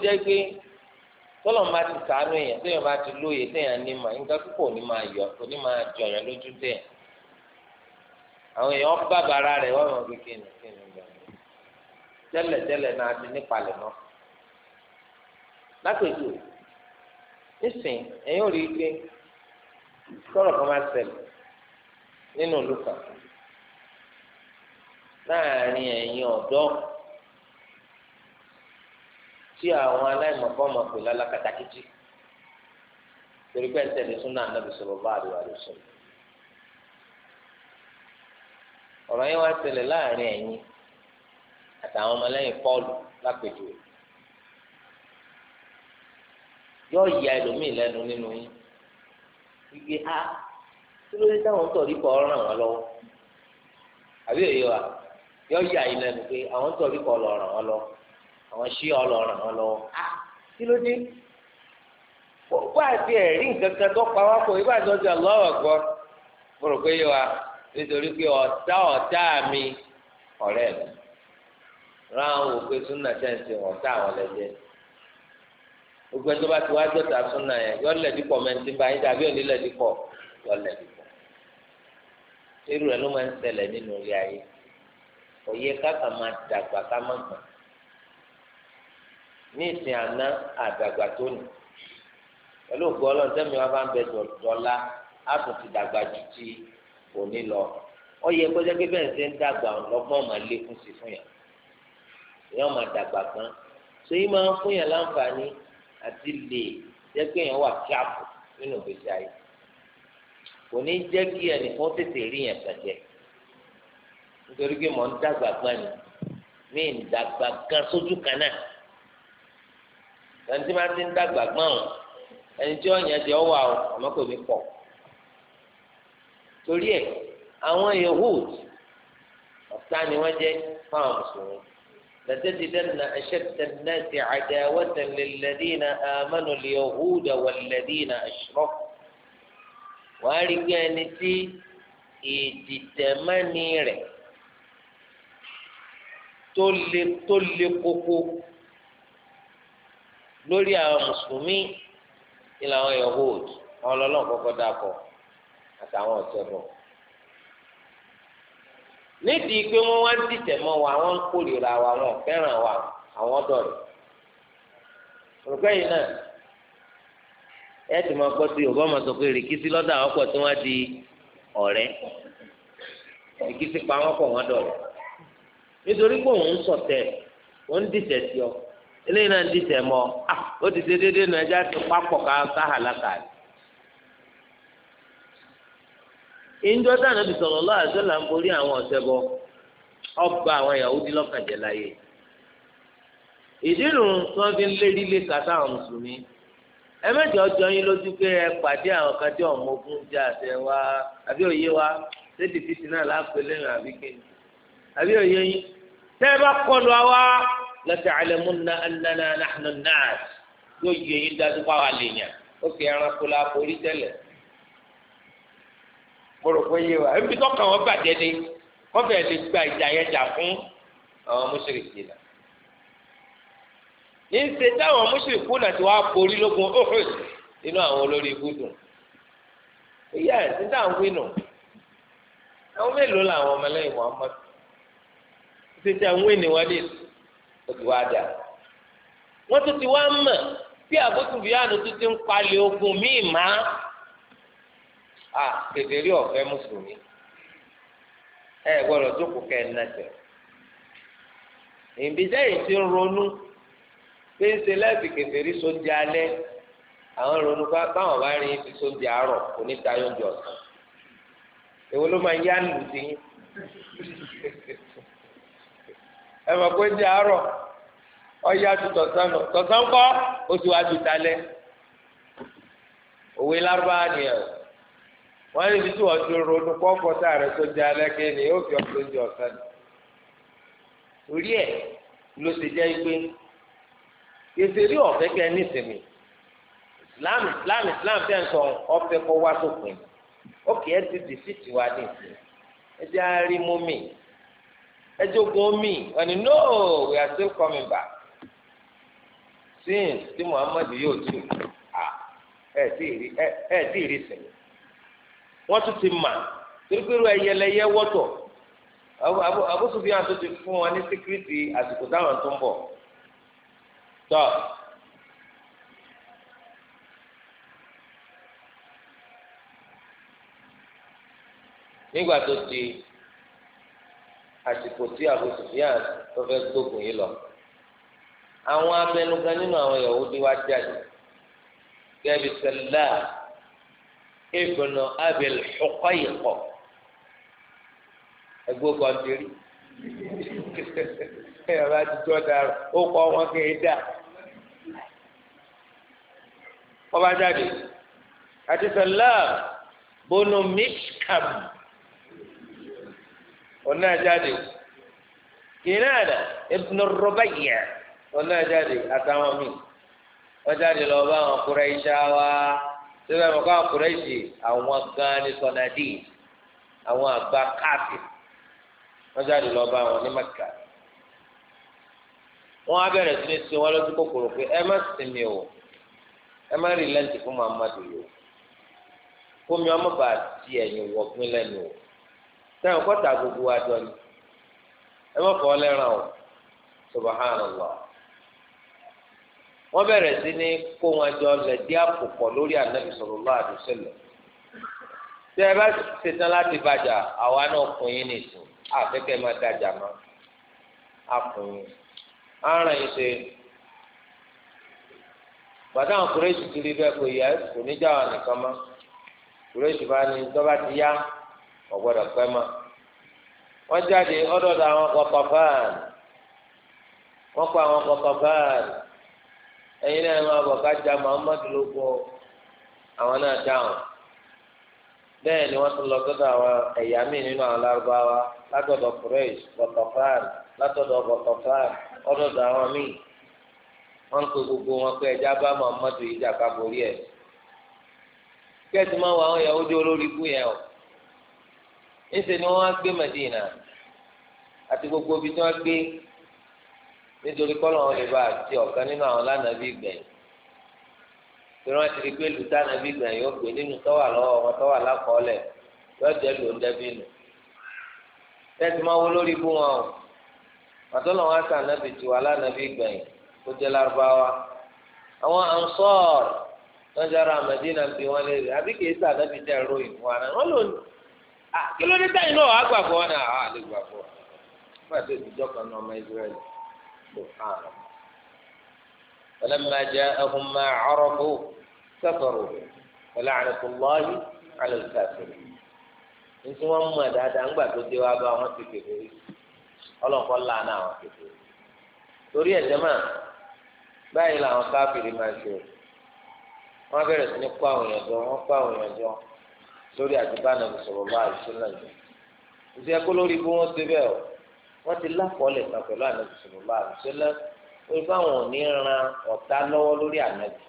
tọ́lọ́mù bá ti sàánú èèyàn téèyàn bá ti lóye ní ma nǹkan púpọ̀ ní ma yọ òní jọ lójú téèyàn àwọn èèyàn bá bàrà rẹ̀ wọ́n mọ̀ kékeré ní kékeré ní tẹ́lẹ̀ tẹ́lẹ̀ náà ti nípalẹ̀ náà lápèjù nísìnyí ẹ̀yin ò rí i pé sọ̀rọ̀ kan máa nínú tí àwọn aláìmọ̀kọ́ ọmọ pè lálákatakítí torí pé ẹsẹ̀ lẹ́sùn náà nàbì sọ̀rọ̀ bá àdúrà rẹ̀ sọ̀rọ̀ ọ̀rọ̀ yẹn wá ṣẹlẹ̀ láàrin ẹ̀yin àtàwọn ọmọlẹ́yìn pọ́ọ̀lù lápèjúwe yóò ya ẹlòmíì lẹ́nu nínú yín igi ha kí ló dé táwọn tọ̀rí kọ́ ràn wọ́n lọ́wọ́ àbí èyí wa yóò ya yín lẹ́nu pé àwọn tọ̀rí kọ́ lọ wọ́n lọ́wọ́ àwọn ṣí ọlọ́ràn wọn lọ́wọ́ kí ló dé gbogbo àti ẹ̀rí nǹkan kan tó pa wá pọ̀ ìgbà tó ti gbọ́ mo rò pé yé wa nítorí pé ọ̀tá ọ̀tá mi ọ̀rẹ́ mi ráhùn wò pé súnà sẹ́ǹsì ọ̀tá àwọn lẹ́jẹ́ gbogbo ẹni tó bá ti wá dọ̀tà súnà yẹn yọ lẹ́ẹ̀dí pọ̀ mẹ́ntì bá tàbí òní lẹ́ẹ̀dí pọ̀ yọ lẹ́ẹ̀dí pọ̀ irú rẹ̀ ló máa ń ṣẹlẹ̀ nínú ilé ayé òye káka máa dàgbà ká má ní ìsìn àná àdàgbà tó nì pẹ̀lú ògbó ọlọ́run tẹ́mi wá bá ń bẹ dọ̀la á tún ti dàgbà jù ti òní lọ ó yẹ kó jẹ́ pé bẹ́ẹ̀ ṣe ń dàgbà lọ́gbọ́n máa lékún sí fún yàn èèyàn máa dàgbà gan so yìí máa ń fún yàn láǹfààní àti lè jẹ́ pé èèyàn wà kíápù nínú ìgbésí ayé kò ní jẹ́ kí ẹnìkan tètè rí yàn sàjẹ́ nítorí pé mò ń dàgbà gan ni ń dàgbà gan sójú kan náà ẹni tí máa ti ń dàgbà gbọ́n o ẹni tí ọ̀yàn ti ọwà o àmọ́ kò ní pọ̀ torí ẹ̀ àwọn Yehud ọ̀tá ni wọ́n jẹ́ fáwọn mùsùlùmí لتجدن أشد الناس عداوة للذين آمنوا اليهود والذين أشركوا wàá rí pé ẹni tí ìdìtẹ̀mẹ́ni rẹ̀ tó le tó lórí àwọn mùsùlùmí ní làwọn yahood àwọn ọlọ́lọ́n kọ́kọ́ dàpọ̀ àtàwọn ọ̀sẹ̀ bọ̀ nídìí pé wọ́n wá ń dìtẹ̀ mọ́ wa wọ́n ń kórìíra wa wọn fẹ́ràn wa àwọn dọ̀rẹ̀ yìí náà ẹ ti máa gbọ́ sí yorùbá máa sọ di ọ̀rẹ́ rìkísí pa wọ́n pọ̀ wọ́n nítorí pé òun ń sọ̀tẹ̀ ọ eléyìí náà ndị di tẹ̀ mọ́ ah, ó ti ṣe déédéé nù ẹja ti pápọ̀ ká sáhàlákà yìí. ìjọ dáná ti sọ̀rọ̀ lọ́wọ́ àṣọlá ń borí àwọn ọ̀sẹ̀ bọ ọba àwọn Yahudi lọ́kànjẹ́ láyé. ìdí tí wọ́n fi ń kàtà àwọn mùsùlùmí ẹ yín lójú pé ẹ pàdé àwọn ogun jẹ àṣẹ wa àbí òye wa ṣéèdì fìtì náà láàpẹ lẹ́yìn àbí kéde àbí òye yín tẹ́ لتعلمن أننا نحن الناس yóò yẹ yín dájú pa wà lè yàn ó fi ẹranko la forí tẹ́lẹ̀ mo rò pé yé wa ebi tó kàn wọ́n bàjẹ́ ni wọ́n fẹ́ẹ́ lè gba ìjà yẹn jà fún àwọn mùsùlùmí náà ní ṣe táwọn mùsùlùmí náà ti wá forí lógun ọ̀hún nínú àwọn olórí ibùdùn ìyá ẹ̀ ti dáhùn wínú àwọn mélòó làwọn ọmọlẹ́yìn wọn mọ́ ṣe ti àwọn ènìyàn wọlé sí òbí wa dà wọ́n tún ti wá mọ̀ bí àbótúbíyànù tún ti ń palẹ̀ ogun míì má a kedere ọ̀fẹ́ mùsùlùmí ẹ gbọ́dọ̀ jókòó kẹ́ ẹ nàjẹ́ ìbíjẹ́ yìí ti ń ronú pé ń ṣe láti kedere sóúnjẹ alẹ́ àwọn ronú báwọn bá rìn ti sóúnjẹ àárọ̀ kò ní tayọ̀ ọjọ́ èwo ló máa ń yá lù sí yín. ẹ̀mọ̀ pé di àárọ̀ ọ̀yá ju tọ̀sán lọ tọ̀sán kọ́ oṣù wa òwe lárúbá ni ẹ̀ wọ́n ní ibi tí wọ́n ti ronú pọ́pọ́ tá a rẹ̀ tó di alẹ́ kí ni yóò fi di ọ̀sán ni orí ẹ̀ ló ti jẹ́ ọ̀fẹ́ kẹ́ Islam Islam Islam fẹ́ sọ ọ̀fẹ́ kọ́ wá sópin ẹ jogun mi ẹni no we are still coming back since tí muhammad yóò tù à ẹ tí ì rí sìn wọ́n tún ti mà torípérò ẹyẹlẹyẹ wọ́tọ̀ abúsùfíà tó ti fún wọn ní síkírìtì àsìkò táwọn tó ń bọ̀ tọ́ nígbà tó ti àsìkò tí Abu Sufyan tó fẹ́ gbógun yìí lọ àwọn abẹnugan nínú àwọn Yahudi wá jáde gẹbi sẹlẹ ibnu Abil Huqayq ẹgbẹ kọntiri ẹ̀rọ àtijọ́ dara ó kọ́ wọn kì í dà ọba jáde àti sẹlẹ bonu mishkam ọ̀nà jáde kìnnàdà ibn Rubayya ọ̀nà jáde àtàwọn míì wọ́n jáde lọ bá àwọn Quraysh wa síbẹ̀ mọ̀ kọ́ àwọn Quraysh àwọn gan ni sọ̀nàdì àwọn àgbà káàfì wọ́n jáde lọ bá àwọn ní Mẹ́kà wọ́n á bẹ̀rẹ̀ sí ní sin wọn kòkòrò pé ẹ má sinmi o ẹ má rí lẹ́ǹtì fún Muhammadu yìí o kó mi ọmọ bá tiẹ̀ yìí lẹ́nu o. sẹ́wọ̀n kọ́ta gbogbo wa jọ ni ẹ má fọ́ lẹ́ràn o subahánàlá wọ́n bẹ̀rẹ̀ sí ní kó wọn jọ lẹ̀dí àpòpọ̀ lórí ànábì tí ẹ bá ṣetán láti bàjà àwa náà kún yín nìsín àfẹ́kẹ́ máa dájà bàtà àwọn bẹ́ẹ̀ kò yẹ kò ní nìkan mọ́ bá ọgbọdọ pẹ́ mọ́ wọ́n jáde ọ̀dọ̀dọ̀ àwọn kọ̀kọ̀fáàn wọ́n kọ́ àwọn kọ̀kọ̀fáàn ẹ̀yin náà máa bọ̀ kájà muhammadu ló kọ́ àwọn náà dáhùn bẹ́ẹ̀ ni wọ́n tún lọ sọ́dọ̀ àwọn míì nínú àwọn lárúbáwá àwọn míì gbogbo wọn pé bá yìí jà máa wọ níṣẹ́ ni wọ́n á gbé Madina àti gbogbo ibi tí wọ́n gbé nítorí kọ́lọ̀ wọn lè bá àti ọ̀kan nínú àwọn lánàbí gbẹ̀yìn tí wọ́n ti rí pé lùtá nàbí gbẹ̀yìn yóò gbé nínú tọ́wà lọ́wọ́ wọn tọ́wà lákọ́ọ́lẹ̀ yóò jẹ́ lò ń dẹ́bí nù tẹ́tí máa wó lórí bú wọn o màtọ́lọ̀ wọn sàn nàbì tù wà lánàbí gbẹ̀yìn tó jẹ́ lárúbáwá àwọn ansọ́ọ̀rù wọ́n jára Madina bí wọ́n lé rè àbí kìí sàn nàbì tẹ̀ róyìn Ah, kí ló dé sẹ́yìn náà àgbàgbọ́ ni àá ah, gbàgbọ́ pàdé ìdíjọ́ kan náà ọmọ israẹli kò hàn án. فلما جاءهم ما عرفوا كفروا ولعنة الله على الكافرين ntí wọn mú ẹ dáadáa ńgbà tó dé wá bá wọn ti kékeré àwọn kékeré torí báyìí làwọn káfíìrì máa ṣe wọ́n bẹ̀rẹ̀ sí ní kó jọ wọ́n kó lórí àdúgbò ànàbì sọ̀rọ̀ bá àdúgbò náà ìṣe ẹ̀kọ́ lórí bí wọ́n ṣe bẹ́ẹ̀ o wọ́n ti lákọọ́lẹ̀ kan pẹ̀lú ànàbì sọ̀rọ̀ bá àdúgbò náà wọ́n bá wọn ní ran ọ̀tá lọ́wọ́ lórí ànàbì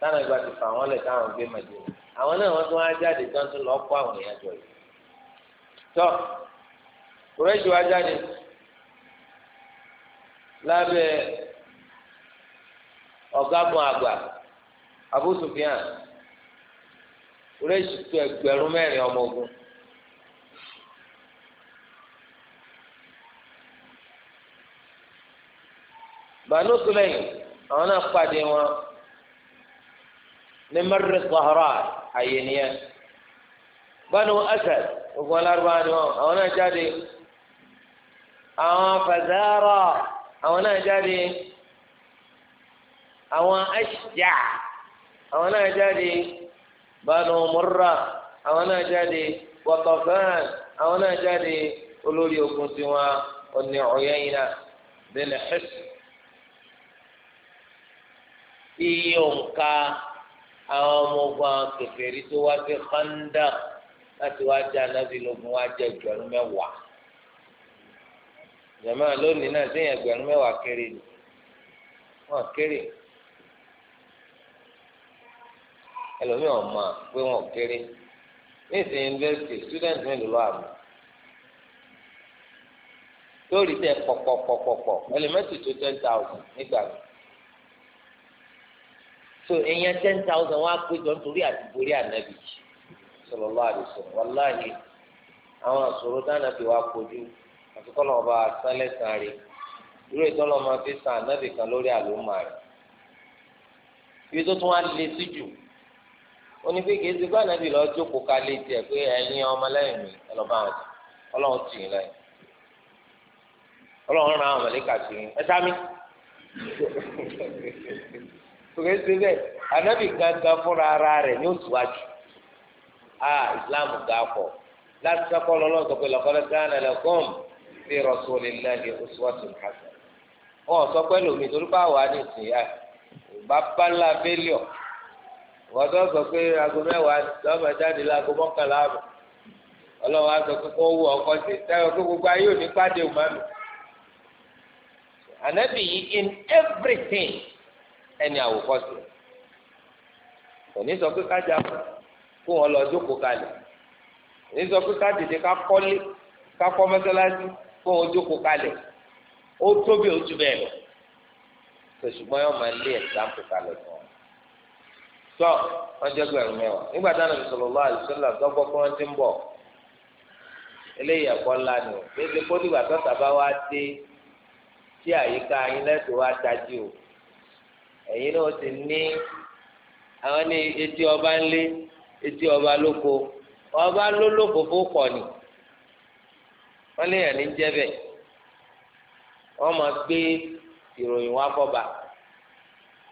táwọn ìgbà ti fà wọ́n lẹ̀ táwọn gbé màdé àwọn náà wọ́n tún wá jáde tán tún lọ́ọ́ kó àwọn èèyàn jọ yìí tọ́ kùrẹ́jì wá jáde lábẹ́ ọ̀gágun àgbà Abu kúrẹ́ṣì tó ẹgbẹ̀rún mẹ́rin ọmọ ogun. bànúkúlẹ̀yìn àwọn náà pàdé wọn ní mẹ́rin gbọ́hárà àyè nìyẹn bánu asad ogun alárúbáwá ni wọn àwọn náà jáde àwọn fàzárà àwọn náà jáde àwọn aṣíjà àwọn náà jáde. banu murra àwọn náà jáde wọtọfẹn àwọn náà jáde olórí ogun tiwọn oní Uyayna bẹlẹ xẹsì iye òǹkà àwọn ọmọ ogun àwọn tó wá sí Khandaq láti wá jẹ lógun wá jẹ lónìí náà kéré ẹlòmíì ọmọ pé wọn kéré ní ìsìn yunifásitì student mélòó lọ àmì lórí tẹ pọpọpọpọpọ ẹlẹmẹtì tó ten thousand nígbà mi so ten thousand wọn á nítorí àtìgbórí ànábì sallallahu alaihi wasallam wàláhì àwọn àṣòro tánàbì wa kojú àti ọba sálẹ sáré irú ìtọ́lọ́ máa fi sàn ànábì kan lórí àlómà rẹ̀ ibi tó tún wá lé sí jù. onífíkì ẹsẹ bá nàbì lọ jókòó kálé tiẹ̀ pé ẹ̀yin ọmọlẹ́yìn mi ọlọba àwọn jù Ọlọ́run tì í lẹ́yìn Ọlọ́run ran àwọn mọlẹka sí i ẹsẹ mi òkè ẹsẹ bẹ́ẹ̀ ànábì gangan fúnra ara rẹ̀ ní oṣù wájú a Islam ga pọ láti sẹkọ lọlọrun sọ pé lọkọlẹ gánà lẹkọọm fi rasulillahi uswatun hasan ọ sọ pé lómi torí ni àwọn àdìsí bàbá ńlá bẹlíọ wọ́n tó sọ pé aago mẹ́wàá lọ́mọ jáde láago mọ́kànlá àbọ̀ ọlọ́wọ́ á sọ pé kó wù ọkọ sí táwọn pé gbogbo ayé ò ní pàdé òmàmì. ànábì yìí in everything ẹni àwòkọ́sí kò ní sọ pé kájà kó wọn lọ jókòó kalẹ̀ kò ní sọ pé kájèjì ká kọ́lé ká kọ́ mọ́sálásí kó wọn jókòó kalẹ̀ ó tóbi ojú bẹ́ẹ̀ lọ. sọ ṣùgbọ́n yóò máa lé ẹ̀sán kó kalẹ̀ fún ọ tọ́ wọ́n jẹ́ gbẹ̀rún mẹ́wàá nígbà táwọn ẹ̀mí sọ̀rọ̀ lọ́wọ́ àlùsọ́lá gbọ́gbọ́ kí wọ́n ti ń bọ̀ eléyìí ẹ̀kọ́ ńlá ni o kéde kó nígbà tọ́ta bá wá dé tí àyíká yín lẹ́tọ̀ọ́ wá dájú o ẹ̀yin náà ti ní àwọn ní etí ọba ńlé etí ọba lóko ọba ló lófòfó pọ̀ ni wọ́n léèyàn ní jẹ́bẹ̀ wọ́n máa gbé ìròyìn wá kọ́ba.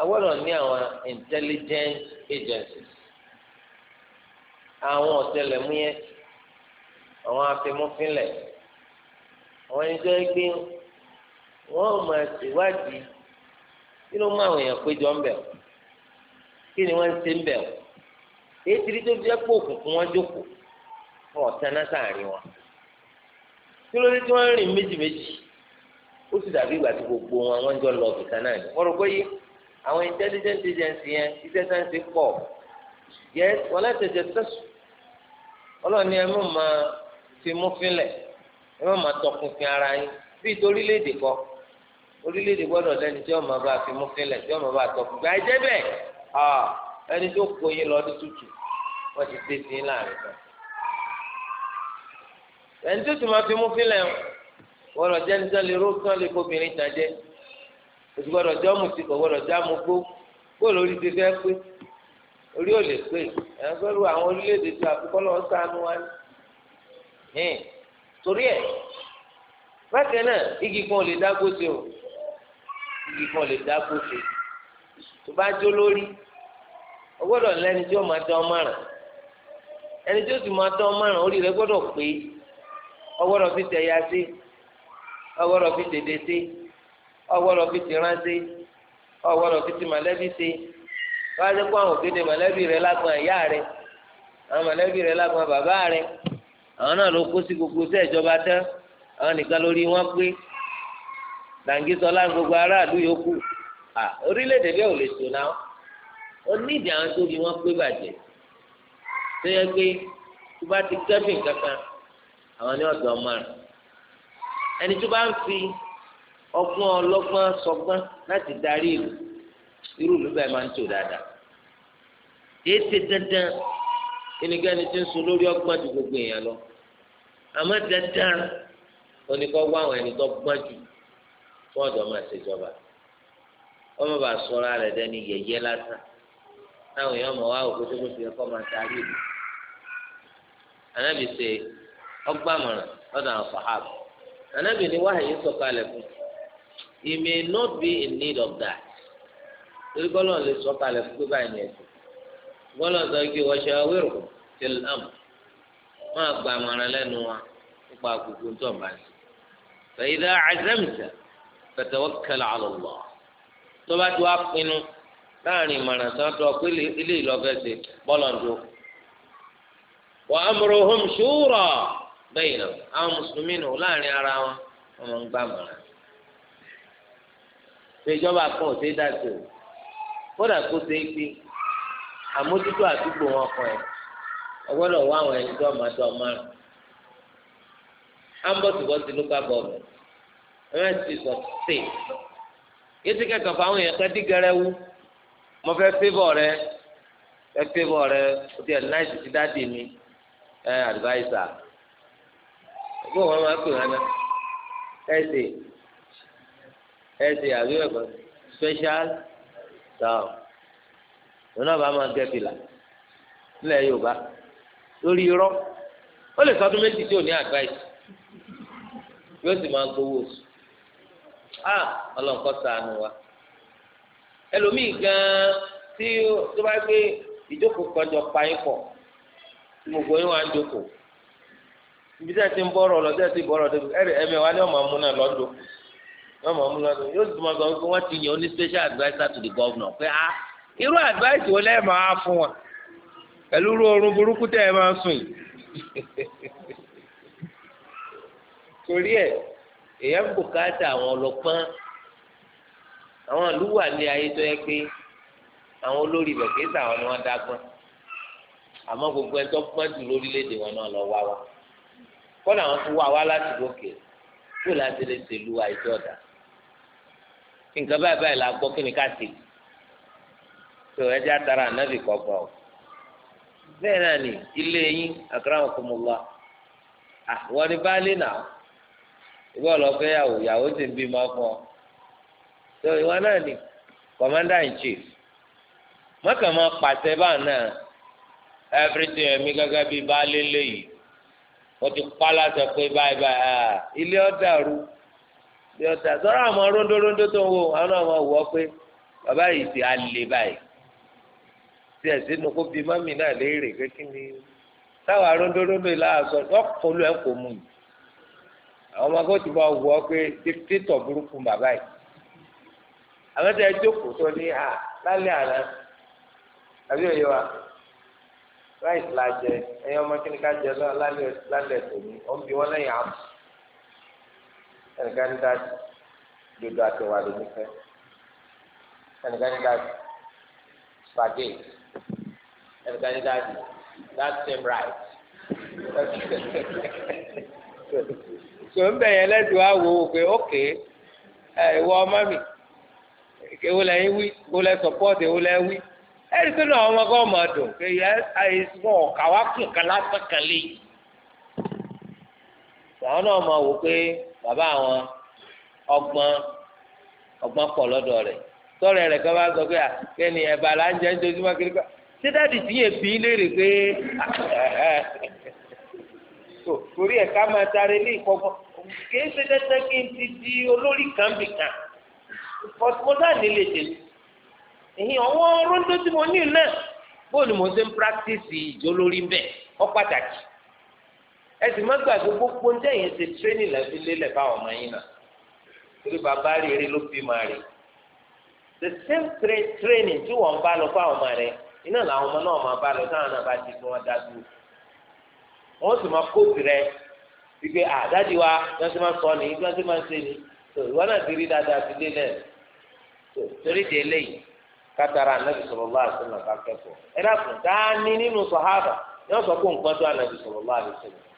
agbọ́dọ̀ ní àwọn intelligent agencies àwọn ọ̀tẹlẹ̀múyẹ́ àwọn afimúfinlẹ̀ àwọn ẹni tó ń gbé wọn ò máa ṣèwádìí kí ló mú àwọn èèyàn péjọ ń bẹ̀ ọ́ kí ni wọ́n ń ṣe ń bẹ̀ ọ́ èyí tí tó jẹ́ pé òkùnkùn wọn jókòó wọn ọ̀tẹ́ náà sàárín wọn kí ló dé tí wọ́n ń rìn méjì méjì ó sì dàbí ìgbà tí gbogbo wọn wọ́n jọ lọ bìkan náà ni wọ́n rò pé yìí àwọn intelligent agency yẹn iṣẹ́ sáyẹ́nsì pọ̀ yẹ wọlé tètè sẹ́sù ọlọ́ọ̀ni ẹ mọ̀ máa fi mú fínlẹ̀ ẹ mọ̀ máa tọkùnfin ara yín bíi torílẹ̀-èdè kọ orílẹ̀-èdè gbọ́dọ̀ lẹ́ni tí ọmọ bá fi mú fínlẹ̀ tí ọmọ bá tọkùn gbà jẹ́ bẹ́ẹ̀ ẹni tó kó yín lọ ọdún tútù wọ́n ti dé sí láàrin kan ẹni tó tún máa fi mú fínlẹ̀ wọ́n lọ jẹ́ ní sọ́ọ́ lè ró sọ́ọ́ lè kó obìnrin tàn jẹ́ òtù gbọ́dọ̀ jẹ́ ọmọ sí kò gbọ́dọ̀ jẹ́ amúgbó kó lórí ti fẹ́ pé orí ò lè pé ẹ̀ ń gbọ́dọ̀ àwọn orílẹ̀-èdè tó àfikọ́ lọ́wọ́ sànú torí ẹ̀ bákan náà igi kan lè dá gbóṣe o igi kan lè dá gbóṣe tó bá jó lórí o gbọ́dọ̀ lẹ́ni tí ó máa dán márùn ẹni tí ó sì máa dán márùn orí rẹ̀ gbọ́dọ̀ pé o gbọ́dọ̀ fi tẹ̀yà sí o gbọ́dọ̀ fi tètè sí. ọgbọ́dọ̀ fi ti ránṣẹ́ ọgbọ́dọ̀ fi ti mọ̀lẹ́bí ṣe wọ́n kó àwọn òkéde mọ̀lẹ́bí rẹ lágbọ́n ìyá rẹ àwọn mọ̀lẹ́bí rẹ lágbọ́n bàbá rẹ àwọn náà ló kó sí gbogbo sí ìjọba tán àwọn nìkan lórí wọn pé gbogbo aráàlú yòókù orílẹ̀-èdè ò lè tó náà ó ọgbọ́n ọlọ́gbọ́n sọgbọ́n láti darí ìlú irú ìlú bẹ́ẹ̀ máa ń tò dáadáa kìí dandan ẹnikẹ́ni tí ń sun lórí gbogbo èèyàn lọ àmọ́ dandan oníkọ́ wá àwọn ẹni tó gbọ́n jù fún ọ̀dọ́ máa ṣèjọba wọ́n má bàa rẹ̀ dẹ́ni lásán táwọn èèyàn mọ̀ wá òkúté máa darí ìlú àwọn he may not be in need of that torí gbọ́dọ̀ lè sọ kalẹ̀ fún pé báyìí nìyẹn gbọ́dọ̀ sọ pé wọ́n ṣe awérò till am máa gba àmọ̀ràn lẹ́nu wa nípa gbogbo tó ń bá ṣe fẹ̀yìdá àzẹ́mìtà fatawakkal ala Allah tó bá ti wá pinnu láàrin ìmọ̀ràn tó ń tọ́ pé ilé ìlọ́fẹ̀ẹ́sẹ̀ bọ́lọ̀ ń do wa amruhum shura bẹ́ẹ̀ náà àwọn mùsùlùmí nù láàrin ara wọn wọn máa ń gbà pé ìjọba kan ò ṣe é dàtò kódà kó ṣe é pé àmójútó àdúgbò wọn kan ẹ ọgbọ́dọ̀ wá àwọn ẹni tó ọmọ tó ọmọ rẹ ambọ̀tìbọ̀tì local government msp of state yéésì kẹkọọ fún àwọn èèyàn kan dígẹrẹ wú mo fẹ́ favour rẹ fẹ́ favour rẹ o ti ẹ náìsì ti dáàdì mi ẹ adviser ẹgbẹ́ wọn máa pè wọn náà ẹ ṣe. ẹ ṣe àbí ẹ̀kọ́ special town òun náà bá máa gẹ́ fìlà nílẹ̀ Yorùbá lórí irọ́ ó lè sọdún méjì tí ò ní advice yóò sì máa gbowó oṣù ah ọlọ́nkọ́ sànù wa ẹlòmíì gan-an tí tó bá gbé ìjókòó kọjọ payín pọ̀ tí wá ibi tí a ti ń bọ̀rọ̀ lọ tí a ni wọ́n máa mú wọn mọ mú lọdún yóò sì máa sọ pé wọn ti yàn ó ní special adviser to the governor pé a ah, irú advice wo lẹ́ẹ̀ máa fún wa pẹ̀lú irú oorun burúkú tẹ́ ẹ máa ń sùn yìí torí ẹ èèyàn ń bùkátà àwọn ọlọ́pàá àwọn ìlú wà ní ayé tó yẹ pé àwọn olórí ibẹ̀ kìí sàwọn ni wọ́n dágbọ́n àmọ́ gbogbo ẹni tó gbọ́n jù lórílẹ̀‐èdè wọn náà lọ wá wa kọ́nà àwọn tó wá wá láti gòkè kó láti lè ṣèlú àìjọ́dá nǹkan báyìí báyìí la gbọ́ kí ni ká ṣe tó ẹ jẹ́ àtàrà ànábì kọ́ gbọ́ ọ. bẹ́ẹ̀ náà ni ilé yín àkàràwọ̀ kò mọ̀ wá àwọn ní baálé náà ìwọ lọ fẹ́ yàwó yàwó sì ń bí ma fún ọ. tó ìwọ náà ni commander in chief mọ́kàn máa pàṣẹ báà náà everything ẹ̀mí gẹ́gẹ́ bíi baálé léyìí wọ́n ti pa láṣẹ pé báyìí báyìí ah, ilé ọ̀dàrú. bí ọ̀tá sọ́ra àwọn rondórondó tó ń wo àwọn náà máa wọ̀ pé bàbá yìí ti alè báyìí tí ẹ̀ kó bí náà léèrè pé kí ni táwọn rondórondó yìí láàṣọ lọ́kọ̀ọ́ ẹ̀ kò mú yìí àwọn ọmọ pé bàbá yìí àwọn jókòó tó ní à lálẹ́ àná àbí wa ráìsì la jẹ ẹ̀yin ọmọ lálẹ́ ń bi ẹnìkan ní dájú dodo àtẹwà lómi fẹ ẹnìkan ní dájú spaghetti ẹnìkan ní dájú that same right so ń bẹ̀ yẹn lẹ́dùn àwò pé ókè ìwọ ọmọ mi èwo lẹ ń wí lẹ support èwo e? lẹ wí ẹ̀rí tó náà ọmọ kọ́ ọmọ dùn pé àìsàn ọ̀kà wa kùn kan lásán kan àwọn náà máa wò pé bàbá àwọn ọgbọ́n ọgbọ́n pọ̀ lọ́dọ̀ rẹ̀ tọ́lẹ̀ rẹ̀ kan bá sọ pé àkẹ́ni ẹ̀bà là ń jẹ́ ń dojúmọ́ kiri kan ṣé dáàdì tí yẹn bí léèrè pé torí ẹ̀ ká máa tarí ní ìkọ́gbọ́n kìí ṣe dẹ́dẹ́ kí n ti di olórí kan bì kan mọ́tà nílé tèmi èyí ọ̀wọ́n ròndó tí mo ní náà bóòlù mo ṣe ń pírákítìsì ìjólórí ń bẹ̀ ọ́ pàtàkì. ẹ sì má gbogbo ń tẹ̀yìn ṣe tírénì lélẹ̀ báwọn ọmọ yín náà torí bàbá ló fi máa rí the same training tí wọ́n bá lọ fáwọn ọmọ rẹ iná làwọn ọmọ náà máa bá lọ táwọn náà bá ti fún wọn dá dúró wọ́n sì máa wípé àdájú wa wọ́n ti máa sọ wọ́n ti máa ṣe náà ti rí dáadáa fi anabi ẹ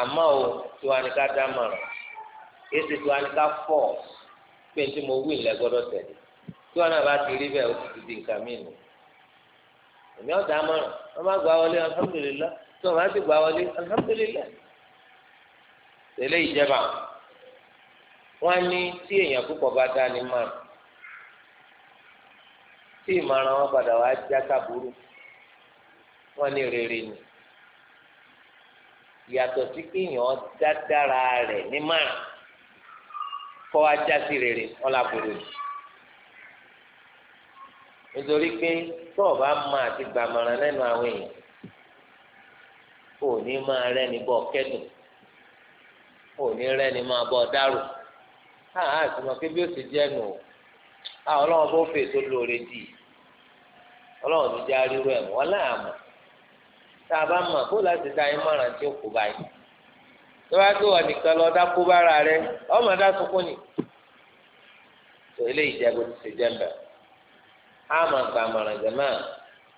àmọ́ o tiwa ni ká dá mọ̀ràn èsì tiwa ni ká fọ̀ pé tí mo wí ilẹ̀ gbọ́dọ̀ tẹ̀lé tiwa náà bá ti rí bẹ́ẹ̀ ó ti di nǹkan mí nù èmi ọ̀dà mọ̀ràn wọ́n bá gbà wọlé alhamdulilá tí wọ́n bá ti gbà wọlé alhamdulilá tẹ̀lé ìjẹba wọn ní tí èèyàn púpọ̀ bá dá ni mọ̀ràn tí ìmọ̀ràn wọn padà wá já kábúrú wọn ní rere ni. yàtọ̀ sí kéèyàn dáadára rẹ̀ ní márùn kọ́ ajásí rere ọ̀làkùnrin nítorí pé tó o bá mọ àti gbàmọ̀ràn lẹ́nu àwọn èèyàn ò ní máa rẹ́ni bọ́ kẹ́dùn ní rẹ́ni máa bọ́ dárò àá àti mọ̀ pé bí ó ti jẹ́ nù ọlọ́run bó lóore dì ti tá a bá mọ̀ kó da yín tí báyìí tó bá tó wà nìkan lọ bára rẹ ọmọ dá sunkún ni tó eléyìí ti ṣe máa gba àmọ̀ràn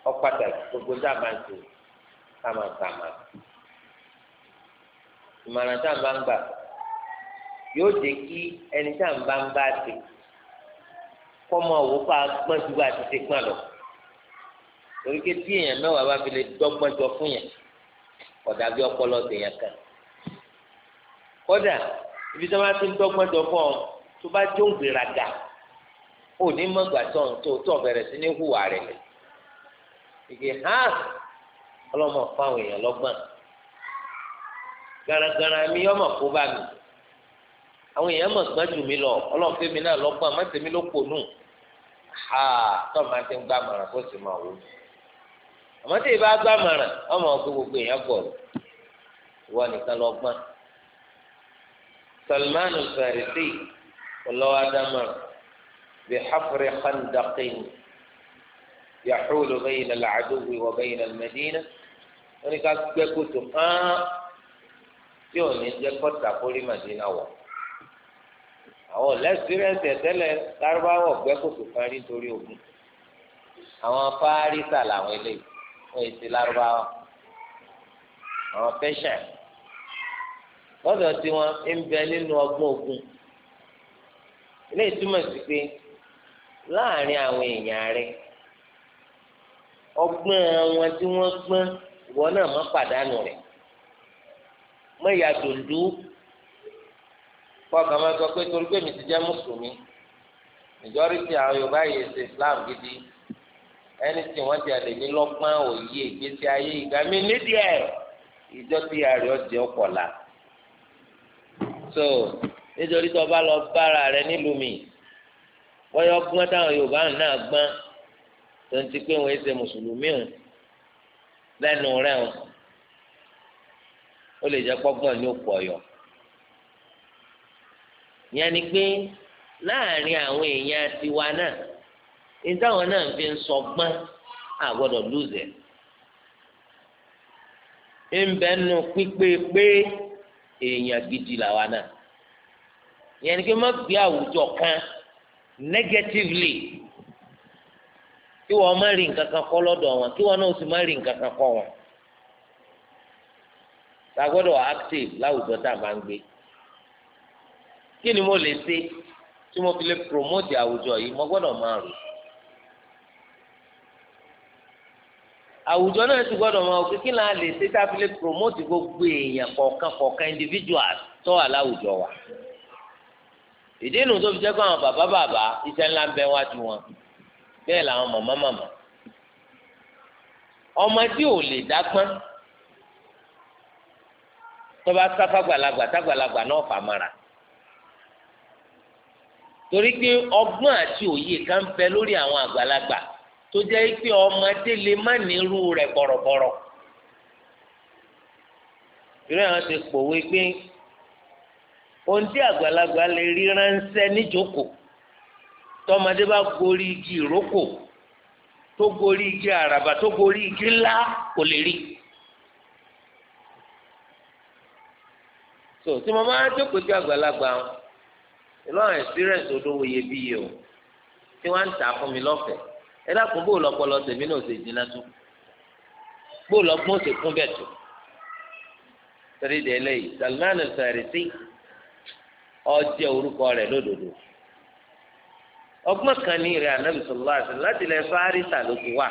ọ pàtàkì gbogbo tá a máa ti ká máa gba àmọ̀ràn ìmọ̀ràn tá a máa ń gbà yóò jẹ kí ẹni tá a bá ń bá ti kọ́ mọ òwò pa gbọ́n ti ṣe torí pé tí èèyàn mẹ́wàá bá fi lè dọ́gbọ́n jọ fún yẹn ọ̀dà bí ọpọlọ tèèyàn kan kódà ibi tí wọ́n ti ń dọ́gbọ́n jọ fún ọ tó bá jó ń gbéraga ó ní mọ̀gbà tó ń tó tó bẹ̀rẹ̀ sí ní hùwà rẹ̀ lẹ̀ ìgbé hàn ọlọ́mọ fáwọn èèyàn lọ́gbọ́n garagara mi ọmọ kó bá mi àwọn èèyàn mọ̀ gbọ́n jù mí lọ ọlọ́run fẹ́mi náà lọ́gbọ́n má ló pò nù ha tó máa ti ń gbá mọ̀ràn kó sì máa àmọ́ tí ìbá gbà màrà ọmọ ọkọ gbogbo èèyàn bọ̀ ìwọ nìkan lọ gbọ́n Salman al-Farisi ọlọ́wọ́ adámàrà bí hafri khandaqin yahulu bayna al-aduwi wa bayna al-madina wọ́n ní ká gbẹ́ kótó hàn tí ò ní jẹ́ kọ́tà kórì màdínà wọ̀ àwọn lẹ́sìrẹ́sì ẹ̀tẹ́lẹ̀ lárúbáwọ̀ gbẹ́ kótó kan nítorí ogun àwọn fárísà làwọn eléyìí wọn èsì lárúbáwá àwọn pẹ́ṣẹ̀ lọ́dọ̀ tí wọ́n ń bẹ nínú ọgbọ́n ogun ilé ìtumọ̀ sí pé láàrin àwọn èèyàn rẹ̀ ọgbọ́n àwọn tí wọ́n gbọ́n ìwọ náà má pàdánù rẹ̀ mọ ìyá dòdú kọ́ọ̀kan máa sọ pé torí pé mi ti jẹ́ mùsùlùmí majority àwọn Yorùbá yìí ṣe Islam gidi ẹni tí wọ́n ti àlè ní lọ́gbọ́n òye ìgbésí ayé ìgbà mi nídìí ẹ̀ ìjọ tí ààrẹ ọ̀jẹ̀ ọ̀pọ̀la. so nítorí tó bá lọ bára rẹ nílùú mi wọ́n yọ gbọ́n táwọn Yorùbá náà gbọ́n tó ń ti pé wọ́n ṣe mùsùlùmí o lẹ́nu rẹ̀ o ó lè jẹ́ pọ́gbọ́n ní òkú ọ̀yọ́ yẹn ni pé láàrin àwọn èèyàn tiwa náà ìdáwọn náà fi ń sọgbọ́n àgbọ́dọ̀ lùzẹ̀. ìbẹ́ nu pípé pé èèyàn gidi làwa náà ìyẹn ni kí n má gbé àwùjọ kan negatively kí wọ́n má rí nǹkan kan kọ́ lọ́dọ̀ wọn kí wọ́n náà sì má rí nǹkan kan kọ́ wọn. ta gbọ́dọ̀ active láwùjọ tá a máa ń gbé kí ni mo lè ṣe tí mo fi lè promote àwùjọ yìí mo gbọ́dọ̀ máa rò àwùjọ náà ti gbọ́dọ̀ mọ òkè kí náà lè ṣe tábìlì promote gbogbo èèyàn kọ̀ọ̀kan kọ̀ọ̀kan individual tó wà láwùjọ wa ìdí inú tó fi jẹ́ pé àwọn bàbá bàbá iṣẹ́ ńlá ń bẹ wá ju wọn bẹ́ẹ̀ làwọn màmá màmá ọmọdé ò lè dápọ́n tó bá sáfà gbàlagbà tágbàlagbà náà fà mara torí pé ọgbọ́n àti òye kan bẹ lórí àwọn àgbàlagbà tó jẹ́ pé ọmọdé lè má nírú rẹ̀ bọ̀rọ̀bọ̀rọ̀ ìrẹ́ àwọn ti pòwe pé ohun tí àgbàlagbà lè rí ránṣẹ́ níjókòó tọmọdé bá gorí igi ìrókò tó gorí igi àràbà tó gorí igi ńlá kò lè rí. so tí mo máa ń jókòó tí àgbàlagbà ìlú àwọn experience olówó iyebíye o tí wọ́n ń tà fún mi lọ́fẹ̀ẹ́ ẹ dákun bó lọpọlọ tèmi náà ṣe jiná tó bó lọgbọ́n ṣe kún bẹ́ẹ̀ tó torí de eléyìí Salman al-Farisi ọjẹ orúkọ rẹ̀ lódodo ọgbọ́n kan ní ìrẹ anabi sallallahu alaihi wasallam láti lẹ fárísà ló ti wà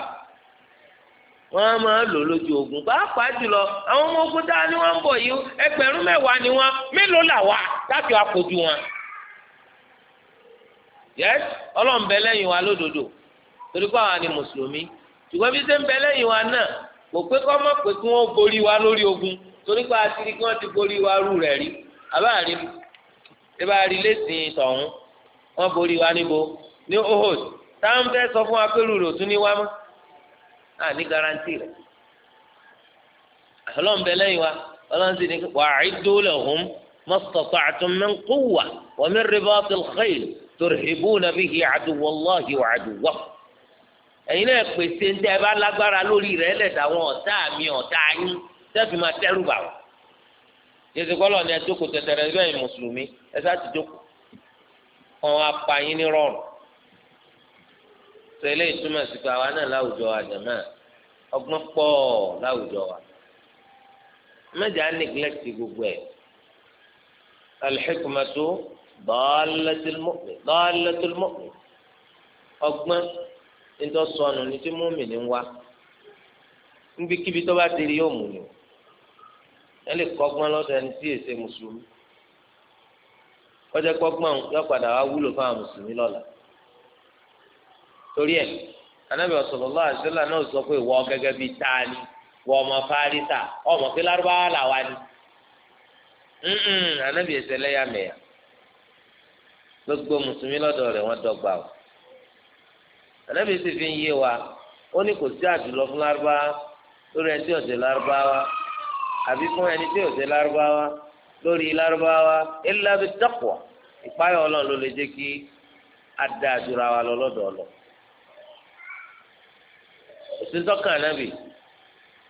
wọ́n máa lò lójú ogun pàápàá jùlọ àwọn ọmọ ogun tá a ní wọ́n ń bọ̀ yìí ẹgbẹ̀rún mẹ́wàá ni wọ́n mélòó là wà láti wàá kojú wọn. yẹ ọlọ́run bẹ lẹ́yìn wa lódodo. Yes? torí pé àwa ni mùsùlùmí ṣùgbọ́n bí ṣe ń bẹ lẹ́yìn wa náà kò pé kọ́ mọ̀ pé kí wọ́n borí wa lórí ogun torí pé àti kí wọ́n ti borí wa rú rẹ̀ rí àbáàrí ṣé bá rí lẹ́sìn tọ̀hún wọ́n borí wa níbo ní ohos táwọn fẹ́ sọ fún wa pé rúurú tún ní wá mọ́ à ní garanti rẹ̀ ọlọ́run bẹ lẹ́yìn wa ọlọ́run sì ní wa'iddu lahum mastata'tum min quwwa wa min ribatil khayl turhibuna bihi aduwwallahi wa aduwwakum ẹ̀yin náà pèsè ń tẹ́ ẹ bá lágbára lórí rẹ̀ lẹ̀dá wọn ọ̀tá mi ọ̀tá yín tẹ́fì máa tẹ́rù bà wọ́n. jésù kọ́lọ̀ ni ẹ jókòó tẹ̀tẹ̀rẹ̀ bẹ́ẹ̀ mùsùlùmí ẹ sá ti jókòó wọn á pa yín ní rọrùn. sọ eléyìí túmọ̀ àwa náà láwùjọ àjàmá ọgbọ́n pọ̀ láwùjọ wa. mẹ́jà neglect gbogbo ẹ̀ alḥikumatu dalatul mu'min ọgbọ́n. nítorí sọnù ní tí múmi ní wá níbikíbi tó bá ti yóò mú ni ẹ lè kọ́gbọ́n lọ́dọ̀ ẹni tí èsè mùsùlùmí kọjá kọ́gbọ́n yóò padà wá wúlò mùsùlùmí torí ẹ anábì sallallahu alaihi wasallam náà sọ pé wọ́n gẹgẹ bíi taani wọ ọmọ ọmọ pé lárúbáwá ni anábì gbogbo mùsùlùmí o. ànábì sì fi ń yé wa ó ní kò sí àjùlọ fún lárúbáwá lórí ẹni tí ò ṣe lárúbáwá àbí fún ẹni tí ò ṣe lárúbáwá lórí lárúbáwá illa bi taqwa ìpáyọ̀ ọlọ́run ló lè jẹ́ kí a da àdúrà wa lọ lọ́dọ̀ ọlọ. òsín tọ́ka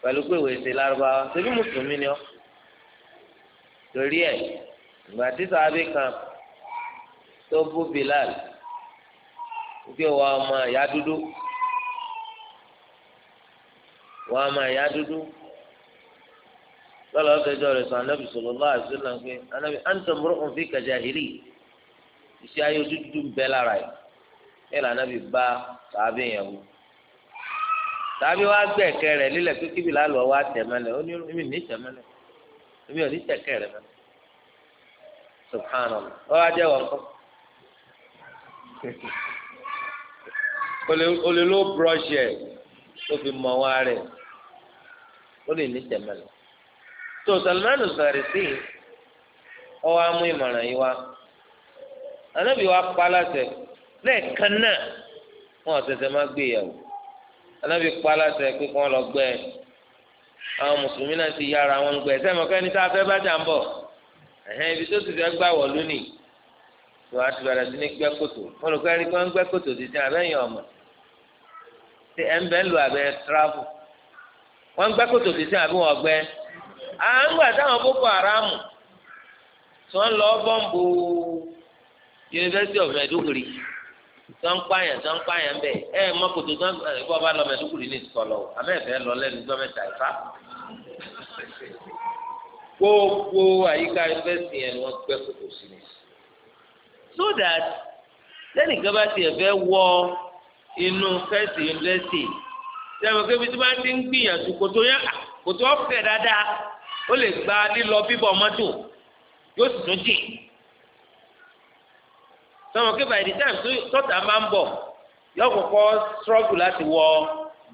pẹ̀lú pé ìwé ṣe lárúbáwá ṣebí mùsùlùmí ni ọ́ torí ẹ̀ ìgbà tí sàábì kan tó bú Bilal wípé wọ́n á máa yá dúdú wọ́n á máa yá dúdú lọ́la ọ̀fẹ́jọ́ rẹ̀ sọ anábì sallallahu alaihi wasallam pé anábì anta mru'un fika jahili iṣẹ́ ayé dúdú ń bẹ lára yìí ẹ̀ là anábì bá tàbí yẹn wò tàbí wàá gbẹ ẹ̀kẹ́ lílẹ̀ pé kíbi lálọ́ wàá tẹ̀ mọ́lẹ̀ ó ní èmi ní tẹ̀ mọ́lẹ̀ èmi ò ní tẹ̀kẹ́ rẹ̀ mọ́lẹ̀ subhanallah ọ̀ adé wọn kọ́ o lè lo brush ẹ̀ tó fi mọ̀ wá rẹ̀ ó lè ní tẹ̀mẹ̀lẹ̀ tó Salmanu Farisi ọwọ́ amú ìmọ̀ràn yìí wá anábì wa pa láṣẹ lẹ́ẹ̀kan náà wọn ọ̀sẹ̀sẹ̀ má gbé yẹ̀wò anábì pa láṣẹ pé kí wọ́n lọ gbẹ́ ẹ̀ àwọn mùsùlùmí náà ti yára wọn gbẹ́ ẹ̀ sẹ́mi ọ̀kẹ́ni tá a fẹ́ bá jà ń bọ̀ ẹ̀hẹ́n ibi tó ti fẹ́ gbà wọ̀ lónìí tó a ti bẹ̀rẹ̀ sí ní gbẹ́ kòtò olùkọ́ ẹni pé ń gbẹ́ kòtò títí abẹ́yìn ọmọ ṣe ẹ̀ ń bẹ́ lu abẹ́ tíráfù wọ́n ń gbẹ́ kòtò títí àbí wọ́n gbẹ́ à ń gbà táwọn Boko Haram tí wọ́n lọ bọ́ǹbù University of Maiduguri tí wọ́n ń pààyàn tí wọ́n ń pààyàn bẹ́ẹ̀ ẹ̀ mọ́ kòtò tí wọ́n ìbọn bá lọ Maiduguri ní ìsọ̀lọ̀ àmẹ́fẹ́ lọ lẹ́nu gọ́mẹ̀tà ìfá gbogbo àyíká yunifásitì yẹn ni so that lẹ́nìkan bá tiẹ̀ fẹ́ wọ inú fẹ́sì yunifásitì sẹ́wọ̀n kébi tí wọ́n ti ń gbìyànjú kòtò yẹn kòtò ọ̀fẹ́ dáadáa ó lè gba lílọ bíbọ̀ mọ́tò yóò sì tún jìn sọ̀rọ̀ kí by the time tọ́ta máa ń bọ̀ yọ kọ́kọ́ struggle láti wọ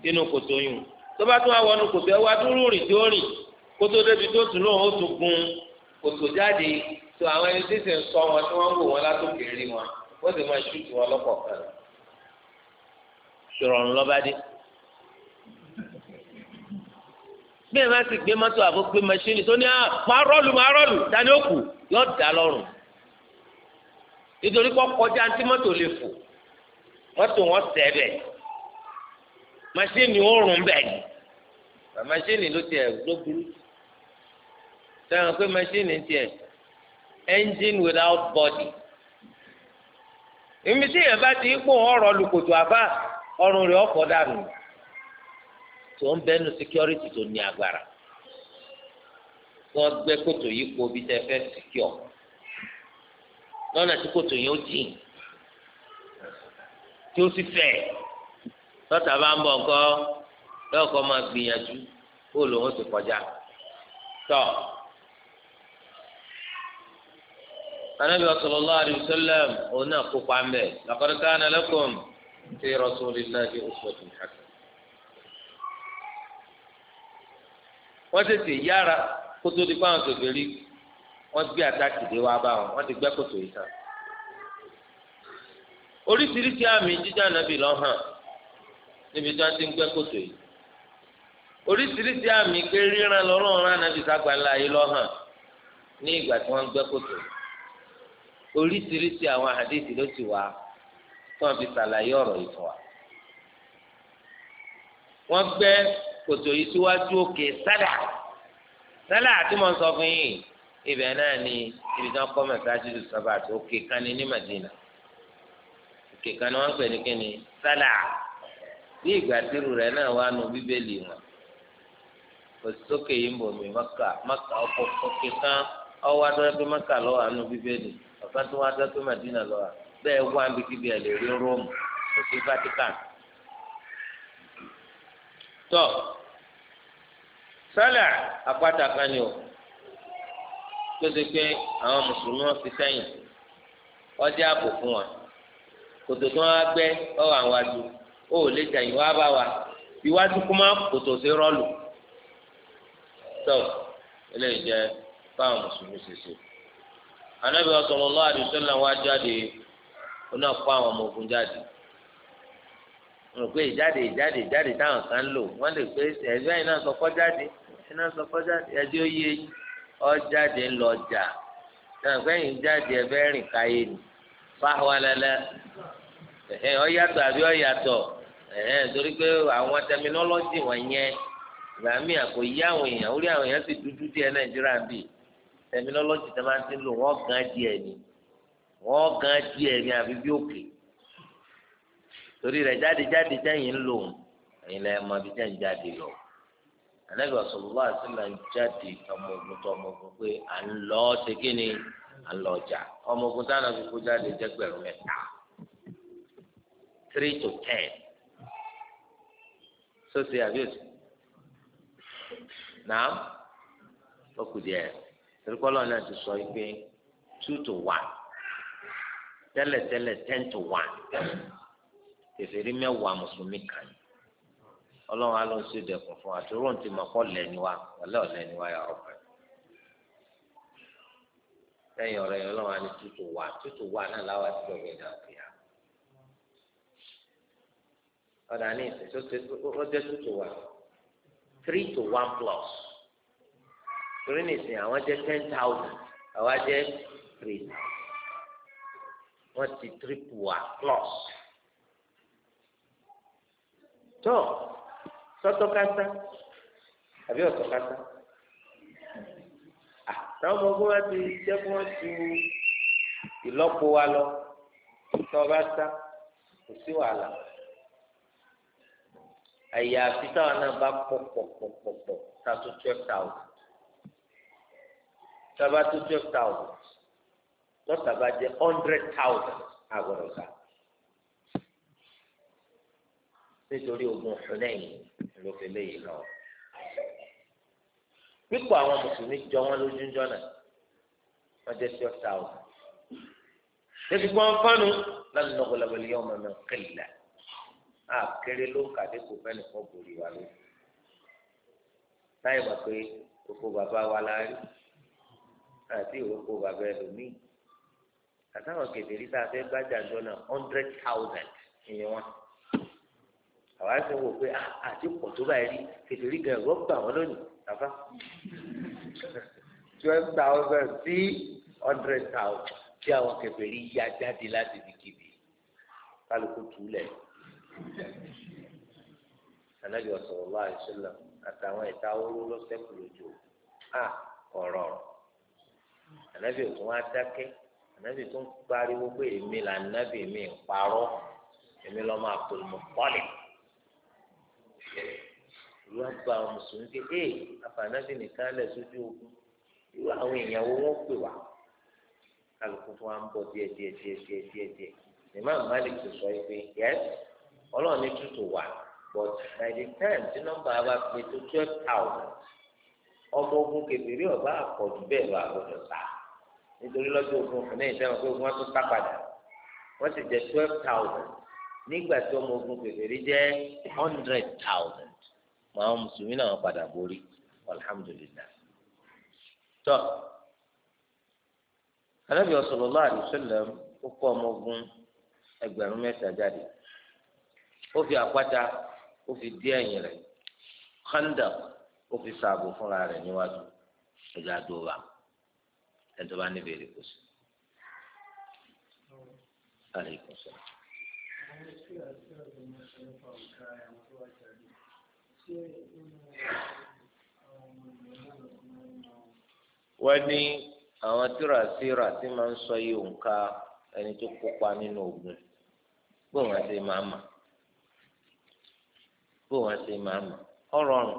inú kòtò yìí tó bá tún wá wọnú kòtò ẹ wá dúró rìn tí ó rìn kótó débi tó tún lóun ó tún gun kòtò jáde tó àwọn ẹni tí sì ń sọ wọn tí wọ́n ń wò wọn látòkè rí wọn wọ́n sì máa ṣùtù wọn lọ́kọ̀ọ̀kan ìrọ̀rùn lọ́ba dé. bí ẹ bá ti gbé mọ́tò àbó gbé mọ́ṣíìnì tó ní à ah, máa rọ́ọ̀lù máa rọ́ọ̀lù dání òkú yóò dá lọ́rùn nítorí kọ́ kọjá ní mọ́tò lè fò mọ́tò wọn tẹ̀ bẹ̀ mọ́ṣíìnì òórùn bẹ̀ ni ló tiẹ̀ ló burú pé mọ́ṣíìnì tiẹ̀ engine without body èmi tí yẹn bá ti kó ọ̀rọ̀ lùkòtò àbá ọrùn rẹ̀ ọ̀fọ̀ dànù tó ń bẹnu security tó ní agbára wọ́n gbe kòtò yìí kó bí tẹ́ secure lọ́nà tí kòtò yìí ó jìn tí ó sì fẹ̀ lọ́tà bá ń bọ̀ nǹkan lọ́kọ̀ máa gbìyànjú kó lòun sì kọjá So, anabi sallallahu alayhi wa sallam òun náà kópa ń bẹ laqad kana lakum fi rasulillahi uswatun hasanah. wọ́n tètè yára kótó di fáwọn kèfèrí wọ́n gbé àtàkì dé wá bá wọn wọ́n ti gbẹ́ kòtò yìí tán. ìgbà tí oríṣiríṣi àwọn àdéhìí ló ti wá wa. wọn gbẹ́ kòtò yìí síwájú òkè sádà sádà tí mo yìí ibẹ̀ náà ni ibi tí wọ́n kọ́ mẹ́sáájú tó sábà tó òkè kan ní Madina òkè kan ní wọ́n ń sádà bí ìgbà tìrù náà wà nù bíbélì wọn yìí ń bọ̀ kan ọwọ́ mọ́kà lọ́wọ́ àánú bíbélì. ọ̀kan tó wá dọ́tò Madina lọ wa bẹ́ẹ̀ wá ń bíkí bíi ẹ̀lẹ́rí Róòmù tó ṣe Vatican. tọ́ sálà àpáta kan ni o tó ṣe pé àwọn mùsùlùmí wọn fi sẹ́yìn ọjà ààbò fún wa kòtò tó wá gbẹ́ ọ̀wọ́ àwọn àjò ó lè jẹ̀yìn wá bá wa iwájú kó má kòtò sí rọ́ọ̀lù. tọ́ eléyìí jẹ́ báwọn mùsùlùmí ṣe ṣe. anabi sallallahu alaihi wasallam wá jáde ó náà àwọn ọmọ ogun jáde mo rò ìjáde ìjáde ìjáde táwọn kan lò wọn lè pé ẹjọ́ iná sọkọ jáde iná sọkọ jáde ọjáde jà náà jáde ẹfẹ rìn káyé ni ẹhẹ àbí ẹhẹ torí pé àwọn wọn yẹn ìgbà míì àkòyí àwọn èèyàn orí àwọn èèyàn tẹminọlọjì tẹ máa ti lò wọn gan díẹ̀ ni wọn gan díẹ̀ ni àbí bí òkè torí rẹ̀ jáde jáde jẹyìn ń lò ó ẹ̀yin lẹ mọ bí jẹyìn jáde lọ anabi ọsọlọlọ àti là ń jáde ọmọ ogun tó ọmọ ogun pé à ń lọ ṣe kí ni à ń lọ ọjà ọmọ ogun táwọn akókó jáde jẹ gbẹ̀rún mẹ́ta three to ten sọsẹ àbí òsì nàá ó kù díẹ̀ tẹ̀lékọ́lọ́ náà ti sọ pé two to one tẹ́lẹ̀tẹ́lẹ̀ ten to one kèfèrí mẹ́wàá mùsùlùmí kan ọlọ́run á lọ sí ìdẹ̀kùn fún wa torí òun ti mọ̀ kọ́ lẹ́ni wa ọ̀lẹ́ ọ̀lẹ́ ni wa yà ọ̀bẹ. lẹ́yìn ọ̀rẹ́ yẹn ọlọ́run á ní two to one two to one náà láwa ti gbọ̀gbẹ́ dà òkè yà. ọ̀dà ní ìsìn tó tẹ́ two to one three to one plus torí nìsín àwọn jẹ́ ten thousand àwa jẹ́ three wọ́n ti triple wa plus. tó sọ́tọ́kátá àbí ọ̀tọ̀kátá táwọn ọmọ ogun wa ti jẹ́ kí wọ́n ju ìlọ́po wa lọ tó o bá sá kò sí wàhálà àyàfi táwọn náà bá pọ̀ pọ̀ pọ̀ pọ̀ pọ̀ tá a tó twelve thousand sábà tó twelve thousand lọ́sà bá jẹ́ hundred thousand àgbọ̀dọ̀ ká nítorí ogun Hunayn ló fi léyìn náà pípọ̀ àwọn mùsùlùmí jọ wọn lójú ń jọ́nà wọ́n jẹ́ twelve thousand lẹ́bi gbọ́n fánu láti nọ́kọ̀ lọ́bẹ̀lẹ́ yẹn ọmọ mi kìlà á kéré ló ń kàdé kò fẹ́ nìkan bòrí wa lójú láyé wà pé gbogbo bàbá wa la rí àti ìrókò bàbá ẹlòmíì àtàwọn kẹtẹrí tá a fẹ́ gbájà jọ náà hundred thousand ìyẹn wọn àwa ṣe wò pé ah, àti pọ̀ tó báyìí rí kẹtẹrí gan ẹ̀rọ gbà wọ́n lónìí bàbá twelve thousand sí hundred thousand tí àwọn kẹtẹrí yá jáde láti ibikíbi kálukú túlẹ̀ anabi ọ̀sọ̀rọ̀ lọ́wọ́ àìsílẹ̀ àtàwọn ìta oró lọ́sẹ̀kù lójú à ọ̀rọ̀ ọ̀rọ̀ ànábì òtún wá dákẹ́ ànábì tó ń pariwo pé èmi là ànábì mi ń parọ́ èmi lọ́ máa pè mọ́ pọ́lì. ìlú àgbà mùsùlùmí ké ee àfàànábì nìkan lẹ̀ sójú ogun irú àwọn èèyàn wo wọ́n pè wá kálukú tó wá ń bọ̀ díẹ̀ díẹ̀ díẹ̀ díẹ̀ díẹ̀ díẹ̀ ìmọ̀ àmàlì tó sọ pé yẹ ọlọ́ọ̀ni tútù wà but by the time tí nọ́mbà wa pè tó twelve thousand ọmọ ogun kebiri ọba àpọ̀jù bẹ́ẹ̀ lọ àgbọ̀dọ̀ sá nítorí lọ́jọ́ ogun fún ẹ̀yìn sẹ́wọ̀n pé ogun wọn tún sá padà wọ́n sì jẹ́ twelve thousand nígbà tí ọmọ ogun kebiri jẹ́ hundred thousand màá mùsùlùmí náà padà borí alhamdulilayi tọ́ anábì sallallahu alaihi wasallam ó kó ọmọ ogun ẹgbẹ̀rún mẹ́ta jáde ó fi àpáta ó fi dí ẹ̀yìn rẹ̀ khandaq. ó fi ṣààbò fúnra rẹ̀ níwájú ẹja dóba ẹjọ bá níbi èrè kò sí. wọ́n ní àwọn tírasíra tí máa ń sọ yìí òǹkà ẹni tó kópa nínú ogun bó wọn ṣe máa mà bó wọn ṣe máa mà ọrọrùn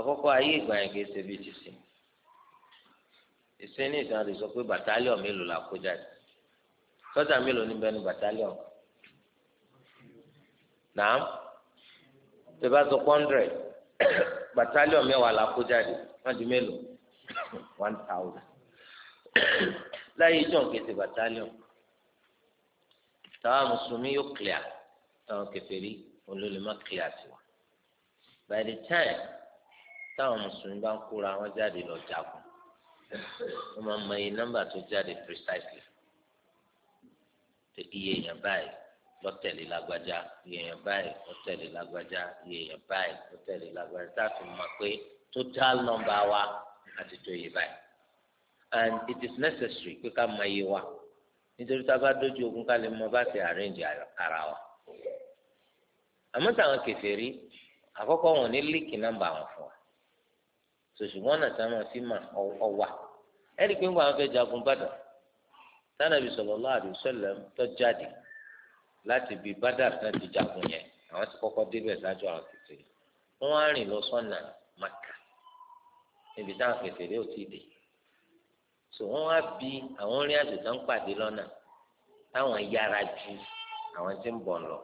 àkọ́kọ́ ayé ìgbà yẹn kì í ṣe bí ti sìn ìsìn ní ìsìn àti sọ pé bàtálíọ̀n mélòó la kó jáde sọ́jà mélòó níbẹ̀ ní bàtálíọ̀n náà tó bá sọ pọ́ndrẹ̀ bàtálíọ̀n mẹ́wàá la kó jáde wọ́n di mélòó one thousand láyé ìjọ kì í ṣe bàtálíọ̀n táwa mùsùlùmí yóò clear táwọn kèfèrí olólùmọ́ clear tiwa by the time táwọn mùsùlùmí bá ń kóra wọn jáde lọ jagun wọn máa mọ iye nọ́mbà tó jáde precisely iye èèyàn báyìí lọ́tẹ̀lé lágbájá iye èèyàn báyìí lọ́tẹ̀lé lágbájá iye èèyàn báyìí lọ́tẹ̀lé lágbájá tá a fi mọ̀ pé total number wa àti tó iye báyìí and it is necessary pé ká mọ iye wa nítorí tá a bá dójú ogun ká lè mọ bá ti arrange ara wa àmọ́ táwọn kèfèrí àkọ́kọ́ wọn ní líìkì nọ́mbà wọn fún wa sòṣùgbọ́n náà tá a máa fi mà ọ̀wà ẹ̀rí pé ńgbà wọn fẹ́ jagun Badr tánàbí sallallahu alaihi wasallam tó jáde láti bí Badr náà ti jagun yẹn àwọn ti kọ́kọ́ débẹ̀ ṣáájú àwọn kìtìrì wọ́n á rìn lọ sọ́nà Maka níbi táwọn kìtìrì ò ti dé so wọ́n á bi àwọn orin àjò tó ń pàdé lọ́nà táwọn yára ju àwọn tí ń bọ̀ lọ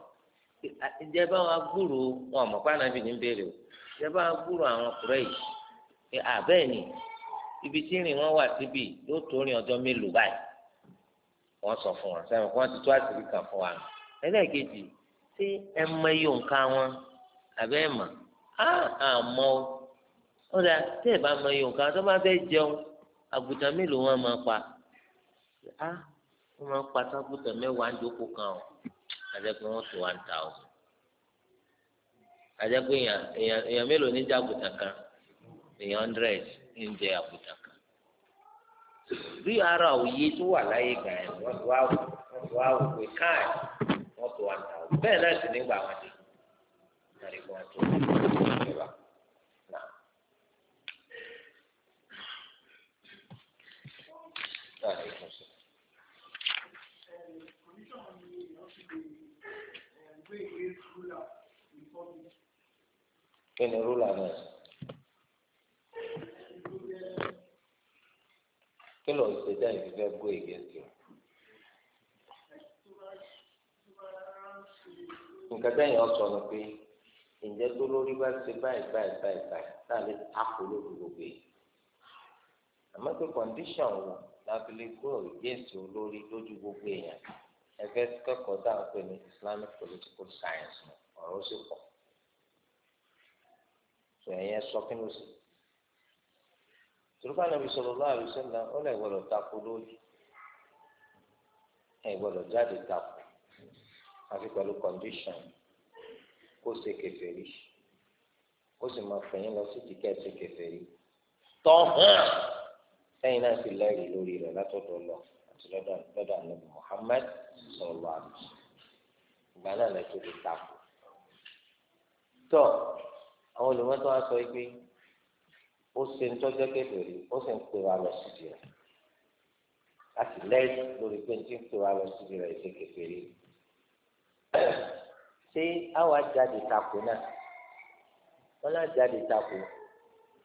ìjẹba wọn gbúrò wọn mọ̀ pé ànábì ní bèrè ìjẹba wọn gbúrò àwọn kúrẹ́ yìí pé àbẹ́ẹ̀ ni ibi tí rìn wọ́n wà síbi yóò tó rìn ọjọ́ mélòó báyìí wọ́n sọ fún wa sẹ́wọ̀n kí wọ́n ti tó àṣírí kan fún wa ẹlẹ́ẹ̀kejì tí ẹ mọ iye òǹkà wọn àbẹ́ ẹ̀ mọ̀ àmọ́ o ó dà tí ẹ bá mọ iye òǹkà tó bá fẹ́ jẹun àgùntàn mélòó wọn máa pa á wọ́n máa ń pa sábùtàn mẹ́wàá ń kan o àdẹ́gbẹ́ wọn tó wá ń ta o àdẹ́gbẹ́ èèyàn mélòó ní jàgùtàn kan èèyàn hundred ń jẹ àbùdá kan bí ara òye tó wà láyé gbà yẹn wọ́n tó wá wò wọ́n tó wá wò pé káì wọ́n tó wà ní àwọn bẹ́ẹ̀ náà sì nígbà wọn dé láti wọn tó ìjọba náà. Kí ni rúlà náà? kí ló ń ṣe dáhùn fífẹ́ gbó ìgbé sí o. nǹkan dáhùn ọ̀sọ̀ ni pé ǹjẹ́ tó lórí bá ṣe báyìí báyìí báyìí báyìí náà lè tako lórí gbogbo èyí. àmọ́ pé kọ̀ǹdíṣàn wo la fi lè gbó ìgbésí olórí lójú gbogbo èèyàn ẹgbẹ́ kẹ́kọ̀ọ́ dáhùn pé ní Islamic political science ọ̀rọ̀ sì pọ̀. sọ ẹ̀yẹ sọ kí ló sì tòlúkà nàbì sallallahu alaihi wasallam ó lè gbọ́dọ̀ takò lórí ẹ gbọ́dọ̀ jáde takò àfi pẹ̀lú kọndíṣàn kó ṣe kèfèrí ó sì máa fẹ̀yìn lọ sí tìkẹ ṣe kèfèrí tọhán sẹ́yìn náà sì lẹ́rìí lórí rẹ̀ látọ̀dọ̀ lọ àti lọ́dọ̀ ànábì Muhammad sallallahu alaihi wasallam ìgbà náà lẹtọ lè takò tọ àwọn olùmọtò wa sọ pé ó ṣe ń tọ́jọ́ kékeré ó sì ń pè wá lọ síbi rẹ̀ láti lẹ́yìn lórí pé tí ń pè wá lọ síbi rẹ̀ ṣe kékeré ṣé àwa jáde tako náà wọn náà jáde tako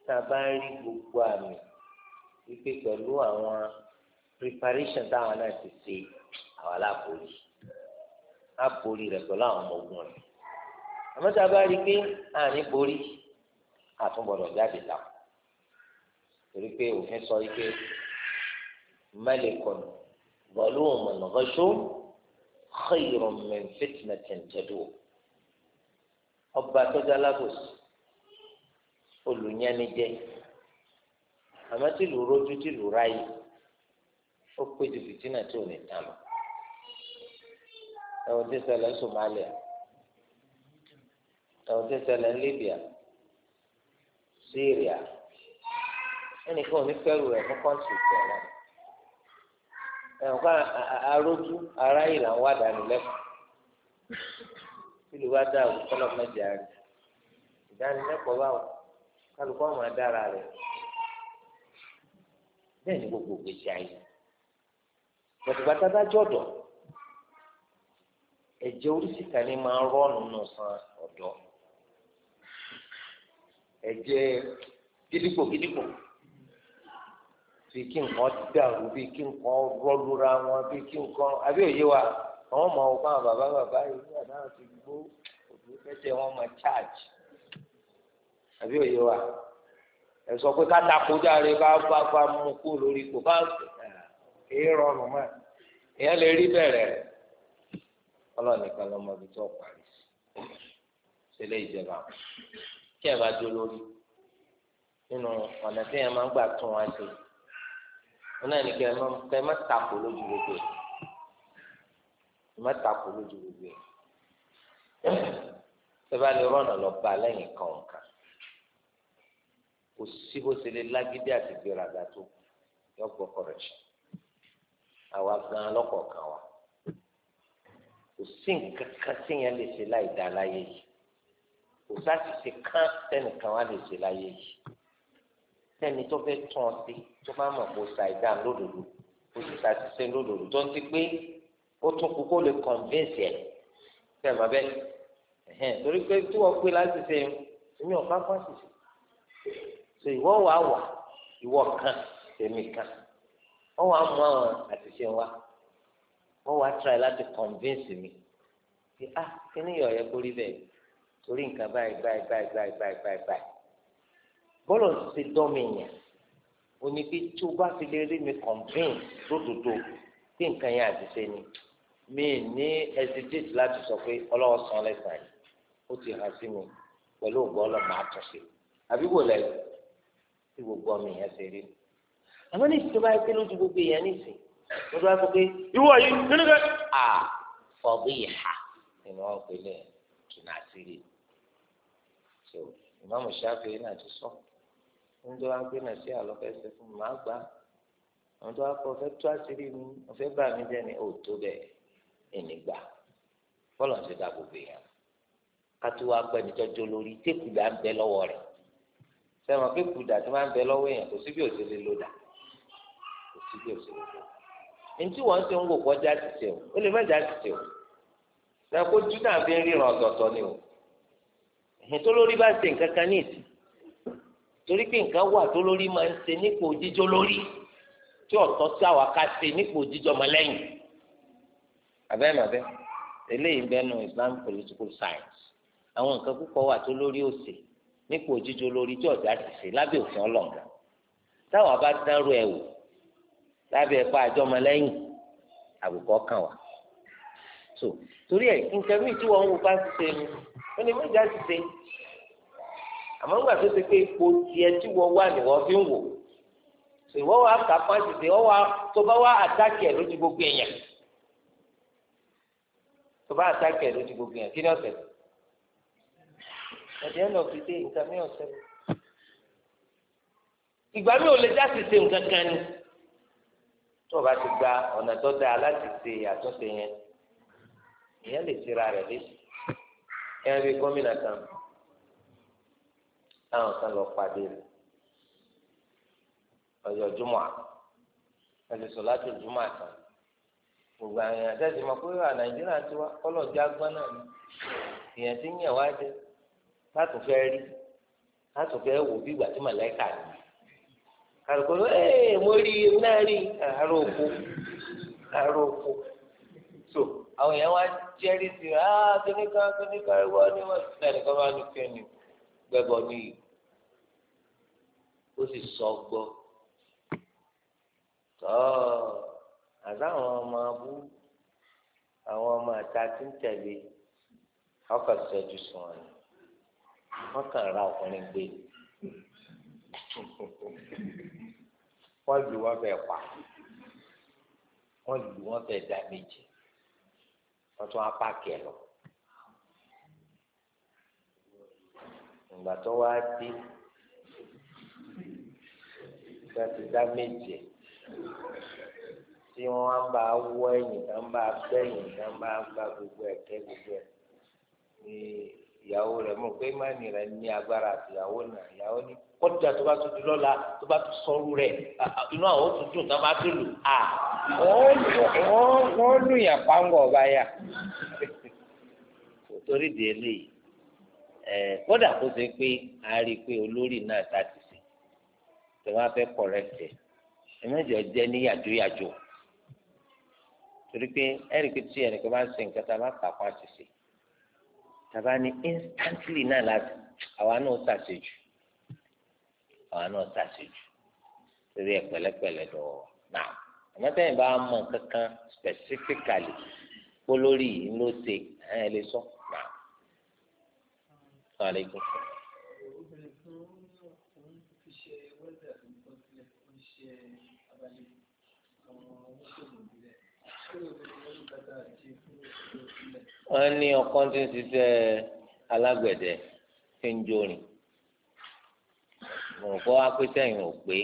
tá a bá ń rí gbogbo àmì wípé pẹ̀lú àwọn preparation táwọn náà ti ṣe àwa láàbòrí láàbòrí rẹ̀ pẹ̀lú àwọn ọmọ ogun rẹ̀ àmọ́ tá a bá rí i pé àní borí àtúngbọ̀dọ̀ jáde tako torí pé òfin sọ yìí pé mẹlẹkọn bọlúùmùn rọṣọ xeyìrùn min fitnatin jẹdù ọba tọjá lágòsì olùyẹnijẹ àmọ́ tìlù rojú tìlù ráyè ó pé ju fìtínà tí ò ní tán ẹwọn tí ṣẹlẹ̀ ń Somalia ẹwọn tí ṣẹlẹ̀ ń Libya Syria ẹnìkan ò ní fẹ́rù rẹ̀ fún kọ́ńtì ìtẹ̀ náà ẹnìkan arójú ara yìí là ń wá dànù lẹ́kọ̀ọ́ ìlú wa dá àwọn kọ́lọ̀ mẹ́jẹ rẹ̀ ìdánilẹ́kọ̀ọ́ báwo kálukọ́ máa dára rẹ̀ bẹ́ẹ̀ ni gbogbo gbèsè ayé a bá jọ̀dọ̀ ẹ̀jẹ̀ oríṣi kan ní máa ń rọ́ọ̀nù nù san ọ̀dọ́ ẹ̀jẹ̀ gidigbo gidigbo. fi kí nǹkan dàrú bí kí nǹkan rọlura wọn bí kí nǹkan àbí òye wa àwọn ọmọ bàbá bàbá yìí ti gbó òbí wọn máa charge àbí òye wa ẹ sọ pé kátàkójà rẹ bá bá bá mú kú lórí kò bá rọrùn mọ lè rí bẹ̀rẹ̀ kan lọ́mọ tó parí sí kí ẹ bá dúró lórí nínú ọ̀nà tí ẹ máa ń gbà tún wá sí náà ní kẹ ẹ má tako lójú gbogbo ẹ ẹ má tako lójú gbogbo ẹ ẹ bá lè rọnà lọ bá lẹ́yìn kan kan kò sí bó ṣe lè lágídí àti gbéraga tó yọ gbọ kọrẹṣin àwa gan lọ́kọ̀ọ̀kan wa kò sí nǹkan kan téèyàn lè ṣe láì dá láyé yìí kò sáà sì ṣe kán tẹnìkan wá lè ṣe láyé yìí tẹni fẹ́ tán ọ sí tó bá mọ̀ kó sa ìdá lódodo kó sì sa ṣiṣẹ́ lódodo tó ń ti pé ó tún kú kó lè convince ẹ̀ fẹ́ mọ́ bẹ́ẹ̀ ẹ̀hẹ́n torí pé tí wọ́n pé láti ṣe èmi ò bá fọ́ ṣiṣẹ́ so ìwọ wà wà ìwọ kan tèmi kan wọ́n wà mú àwọn àṣìṣe wa wọ́n wà try láti convince mi pé ah kí ni yọ̀ yẹ kó rí bẹ́ẹ̀ torí nǹkan báyìí báyìí báyìí báyìí báyìí báyìí bọ́lọ̀ ti dán mi yàn òní pé tí o bá fi lè rí mi kọ̀mplain lódodo tí nǹkan yẹn àti ṣe ni mi ní hesitate láti sọ pé ọlọ́wọ́ san lẹ́sàn yìí ó ti hàn sí mi pẹ̀lú ògbọ́n ọlọ́mọ àtúnṣe àbí wò lẹ́yìn tí gbogbo ọmọ ìyẹn ṣe rí mi. àmọ́ ní ìṣèjọba ẹgbẹ́ lójú gbogbo ìyẹn nìsín ló bá sọ pé ìwọ yìí nínú kẹ́ à fọ̀bí ìhà ni wọ́n pè ní kìnnà so ìmáàmù Ṣáfi'í náà ti sọ̀rọ̀ ń tó wá gbé nàṣẹ àlọfẹ ṣe fún mi màá gbà àwọn tó wá kọ ọfẹ tó àṣírí mi ọfẹ bá mi jẹ ní òótọ́ bẹ́ẹ̀ ènìgbà fọlọ ń ṣe dá gbogbo èèyàn kátó wá pẹ ní tọjọ lórí tẹkùdà ń bẹ lọ́wọ́ rẹ̀ sẹwọn kékùdà tó máa ń bẹ lọ́wọ́ èèyàn kò síbi òṣèlè lódà kò síbi òṣèlè lódà ntí wọn ti ń wò kọjá ti tẹ o ó lè mẹ́jọ ti tẹ o sẹ kó fi ń ríran ọ̀tọ̀ọ̀tọ̀ ni o ìhìn lórí bá ṣe nǹkan kan ní ìsìn torí pé nǹkan wà tó lórí máa ń ṣe nípò jíjọ lórí tí ọ̀tọ̀ sí àwa ká ṣe nípò jíjọ mọ́ lẹ́yìn abẹ́rẹ́ màbẹ́ eléyìí bẹ́ẹ̀ Islam political science àwọn nǹkan púpọ̀ wà tó lórí òsè nípò jíjọ lórí tí ọ̀dà ti ṣe lábẹ́ òfin ọlọ́ǹgà táwa bá dánrò ẹ̀ wò lábẹ́ ẹ̀pá àjọmọ lẹ́yìn àbùkọ́ kàn wá so torí ẹ̀ nǹkan míì tí wọ́n ń wo bá ti ṣe ni wọ́n lè méjì á ti ṣe àmọ́ ńgbà tó ti pé ipò tiẹ̀ tí wọ́n wà ní wọ́n fi ń wò ìwọ́ wa kà pàṣẹ tí wọ́n wa tó bá wá àtàkì ẹ̀ lójú gbogbo èèyàn tó bá àtàkì ẹ̀ lójú gbogbo èèyàn kí ni ọ̀sẹ̀ ẹ̀dẹ̀ ẹ̀ lọ́ọ́ fi dé nǹkan mi ọ̀sẹ̀ ìgbà mi ò lè dá sí nǹkan kan ni tó o bá ti gba ọ̀nà tó dáa láti ṣe àtúnṣe yẹn ìyẹn lè ṣe ra rẹ̀ lé ẹ̀ bí gómìnà kan. táwọn kan lọ pàdé ọjọ́ jùmọ̀ ẹsẹ̀ láti àtàn gbogbo àwọn èèyàn ma pé wà nàìjíríà ti wá kọ́lọ̀jẹ́ agbọ́n náà ni èèyàn ti ń yàn wá jẹ láti rí láti wò bí ìgbà tí màlẹ́kà ni so àwọn wá sí i ah kíníkà kíníkà ìwọ ni ti ó sì sọ gbọ́ tọ́ àtàwọn ọmọ abú àwọn ọmọ àta tí ń tẹ̀lé ọkọ̀ ṣẹ́jú sí wọn ni wọ́n kàn ra ọkùnrin gbé wọ́n lù wọ́n fẹ́ pa wọ́n lù wọ́n fẹ́ dá méjì wọ́n tún apá kẹ̀ lọ. ìgbà tó wá dé kan ti dá méje tí wọn á bá wọ ẹ̀yìn tá ń bá gbẹ̀yìn tá ń bá gba gbogbo ẹkẹ gbogbo ẹ ní ìyàwó rẹ mọ̀ pé mánì rẹ ní agbára àtìyàwó náà ìyàwó ní kọjá tó bá tún di lọ́la tó bá tún sọrú rẹ inú àwọn tó dùn tá bá tún lù à wọn lù yàn pàǹgọ ọba yà torí di eléyìí ẹ kódà kó ṣe pé a rí i pé olórí náà ta ti tẹ wá fẹ́ kọrẹtẹ ẹmẹjọ jẹ ní yàjóyàjó torí pé ẹrìkì tí ẹnìkan bá ṣe nǹkan tá a bá kà fún àṣìṣe tàbá ní instantly náà láti àwa náà ṣàṣejù àwa náà ṣàṣejù torí ẹ pẹ̀lẹ́pẹ̀lẹ́ dọwọ náà àmọtẹyìn bá mọ kankan specifically kó lórí yìí ló ṣe ẹ lè sọ náà. wọ́n ní ọkàn tí ń ṣiṣẹ́ alágbẹ̀dẹ tí ń jórin òǹkọ apẹsẹyìn ò pé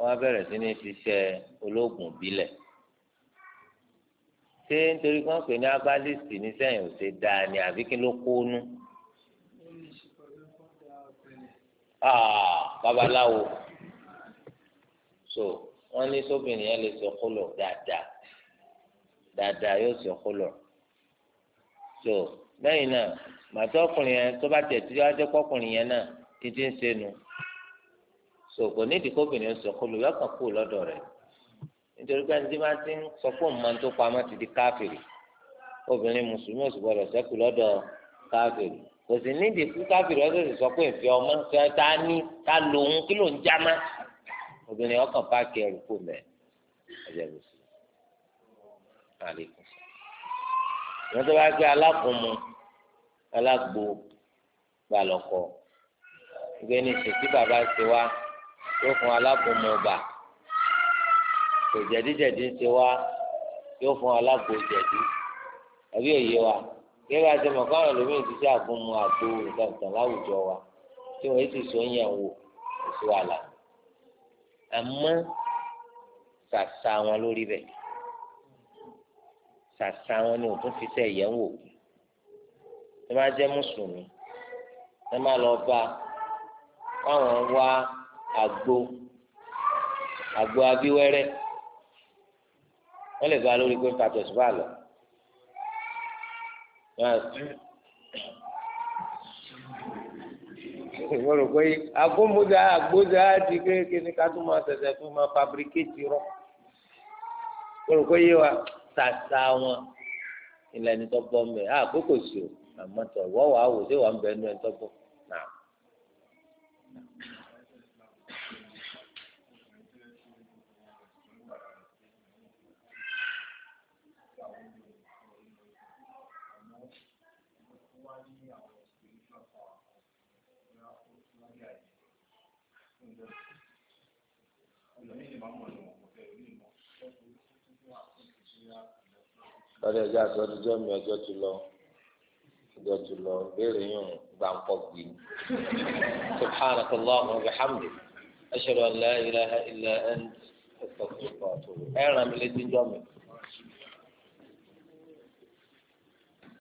wọ́n bẹ̀rẹ̀ sí ní ṣiṣẹ́ ológun bílẹ̀ ṣé nítorí wọ́n pè ní abálísì ní sẹ́yìn ò ṣe dáa ni àbí kí ló kó nú. Ah, babaláwo so wọ́n ní sóbìnrin yẹn lè sọ kó lọ dáadáa dáadáa yóò sì kúlọ̀ so lẹ́yìn náà màtí ọkùnrin yẹn tó bá tẹ̀ tí wọ́n á jẹ́ pọ́kùnrin yẹn náà títí ń ṣe nu so kò nídìí kóbìnrin sọ kúlọ̀ yọ kàn kú lọ́dọ̀ rẹ̀ nítorí pé ẹni tí wọ́n ti ń sọ fún ọmọ tó pamọ́ ti di káfìrì obìnrin mùsùlùmí ò sì gbọdọ̀ sẹ́kù lọ́dọ̀ káfìrì kò sì nídìí kú káfìrì ọ̀sẹ̀ sì sọ pé ìfẹ́ ọmọ ṣe tá a ní ká lòun kí lòun já má obìnrin ọkàn páàkì ẹrù kù mẹ́ ẹ̀jẹ̀ bùsùn àlékún wọn tó bá gbé alákùnmu alágbo gbà lọkọ gbé ní sèkí bàbá ṣe wá yóò fún alákùnmu bà kò jẹ̀díjẹ̀dí ṣe wá yóò fún alágbo jẹ̀dí àbí òye wa gẹ́gẹ́ àti ọmọ káwọn ẹlòmíín ti ṣe àgúnmu àgbo ìtàkùn láwùjọ wa tí wọ́n ti sọ yẹn wò kò sí wàhálà àmọ́ ṣàṣà wọn lórí bẹ́ẹ̀ ṣàṣà wọn ni òtún fi sẹ́ ẹ̀yẹ́ wò ẹ má jẹ́ mùsùlùmí ẹ má lọ bá káwọn wá àgbo àgbo abíwẹ́rẹ́ wọ́n lè bá lórí pé pàtẹ́sì bá lọ mo rò pé agbómọdé agbódé ti kékeré ní ká tó máa tẹ̀sẹ̀ tó máa fabricate rọ mo rò pé yé wa sàṣà wọn ilẹ̀ ní tọ́gbọ́n ń bẹ̀ àkókò ah, sí o àmọ́ tọ̀ wọ́wọ́ àwòṣe wà ń bẹ̀ nínú ẹ̀ tọ́gbọ́n náà. lọ́dọ̀ ẹjọ́ àti ọdúnjọ́ mi ọjọ́ ti lọ ọjọ́ ti lọ béèrè yín gbà ń pọ̀ gbé mi. subhanaka allahumma wa bihamdik ashhadu an la ilaha illa ant astaghfiruka wa atubu ẹ ràn mí létí jọ́ mi.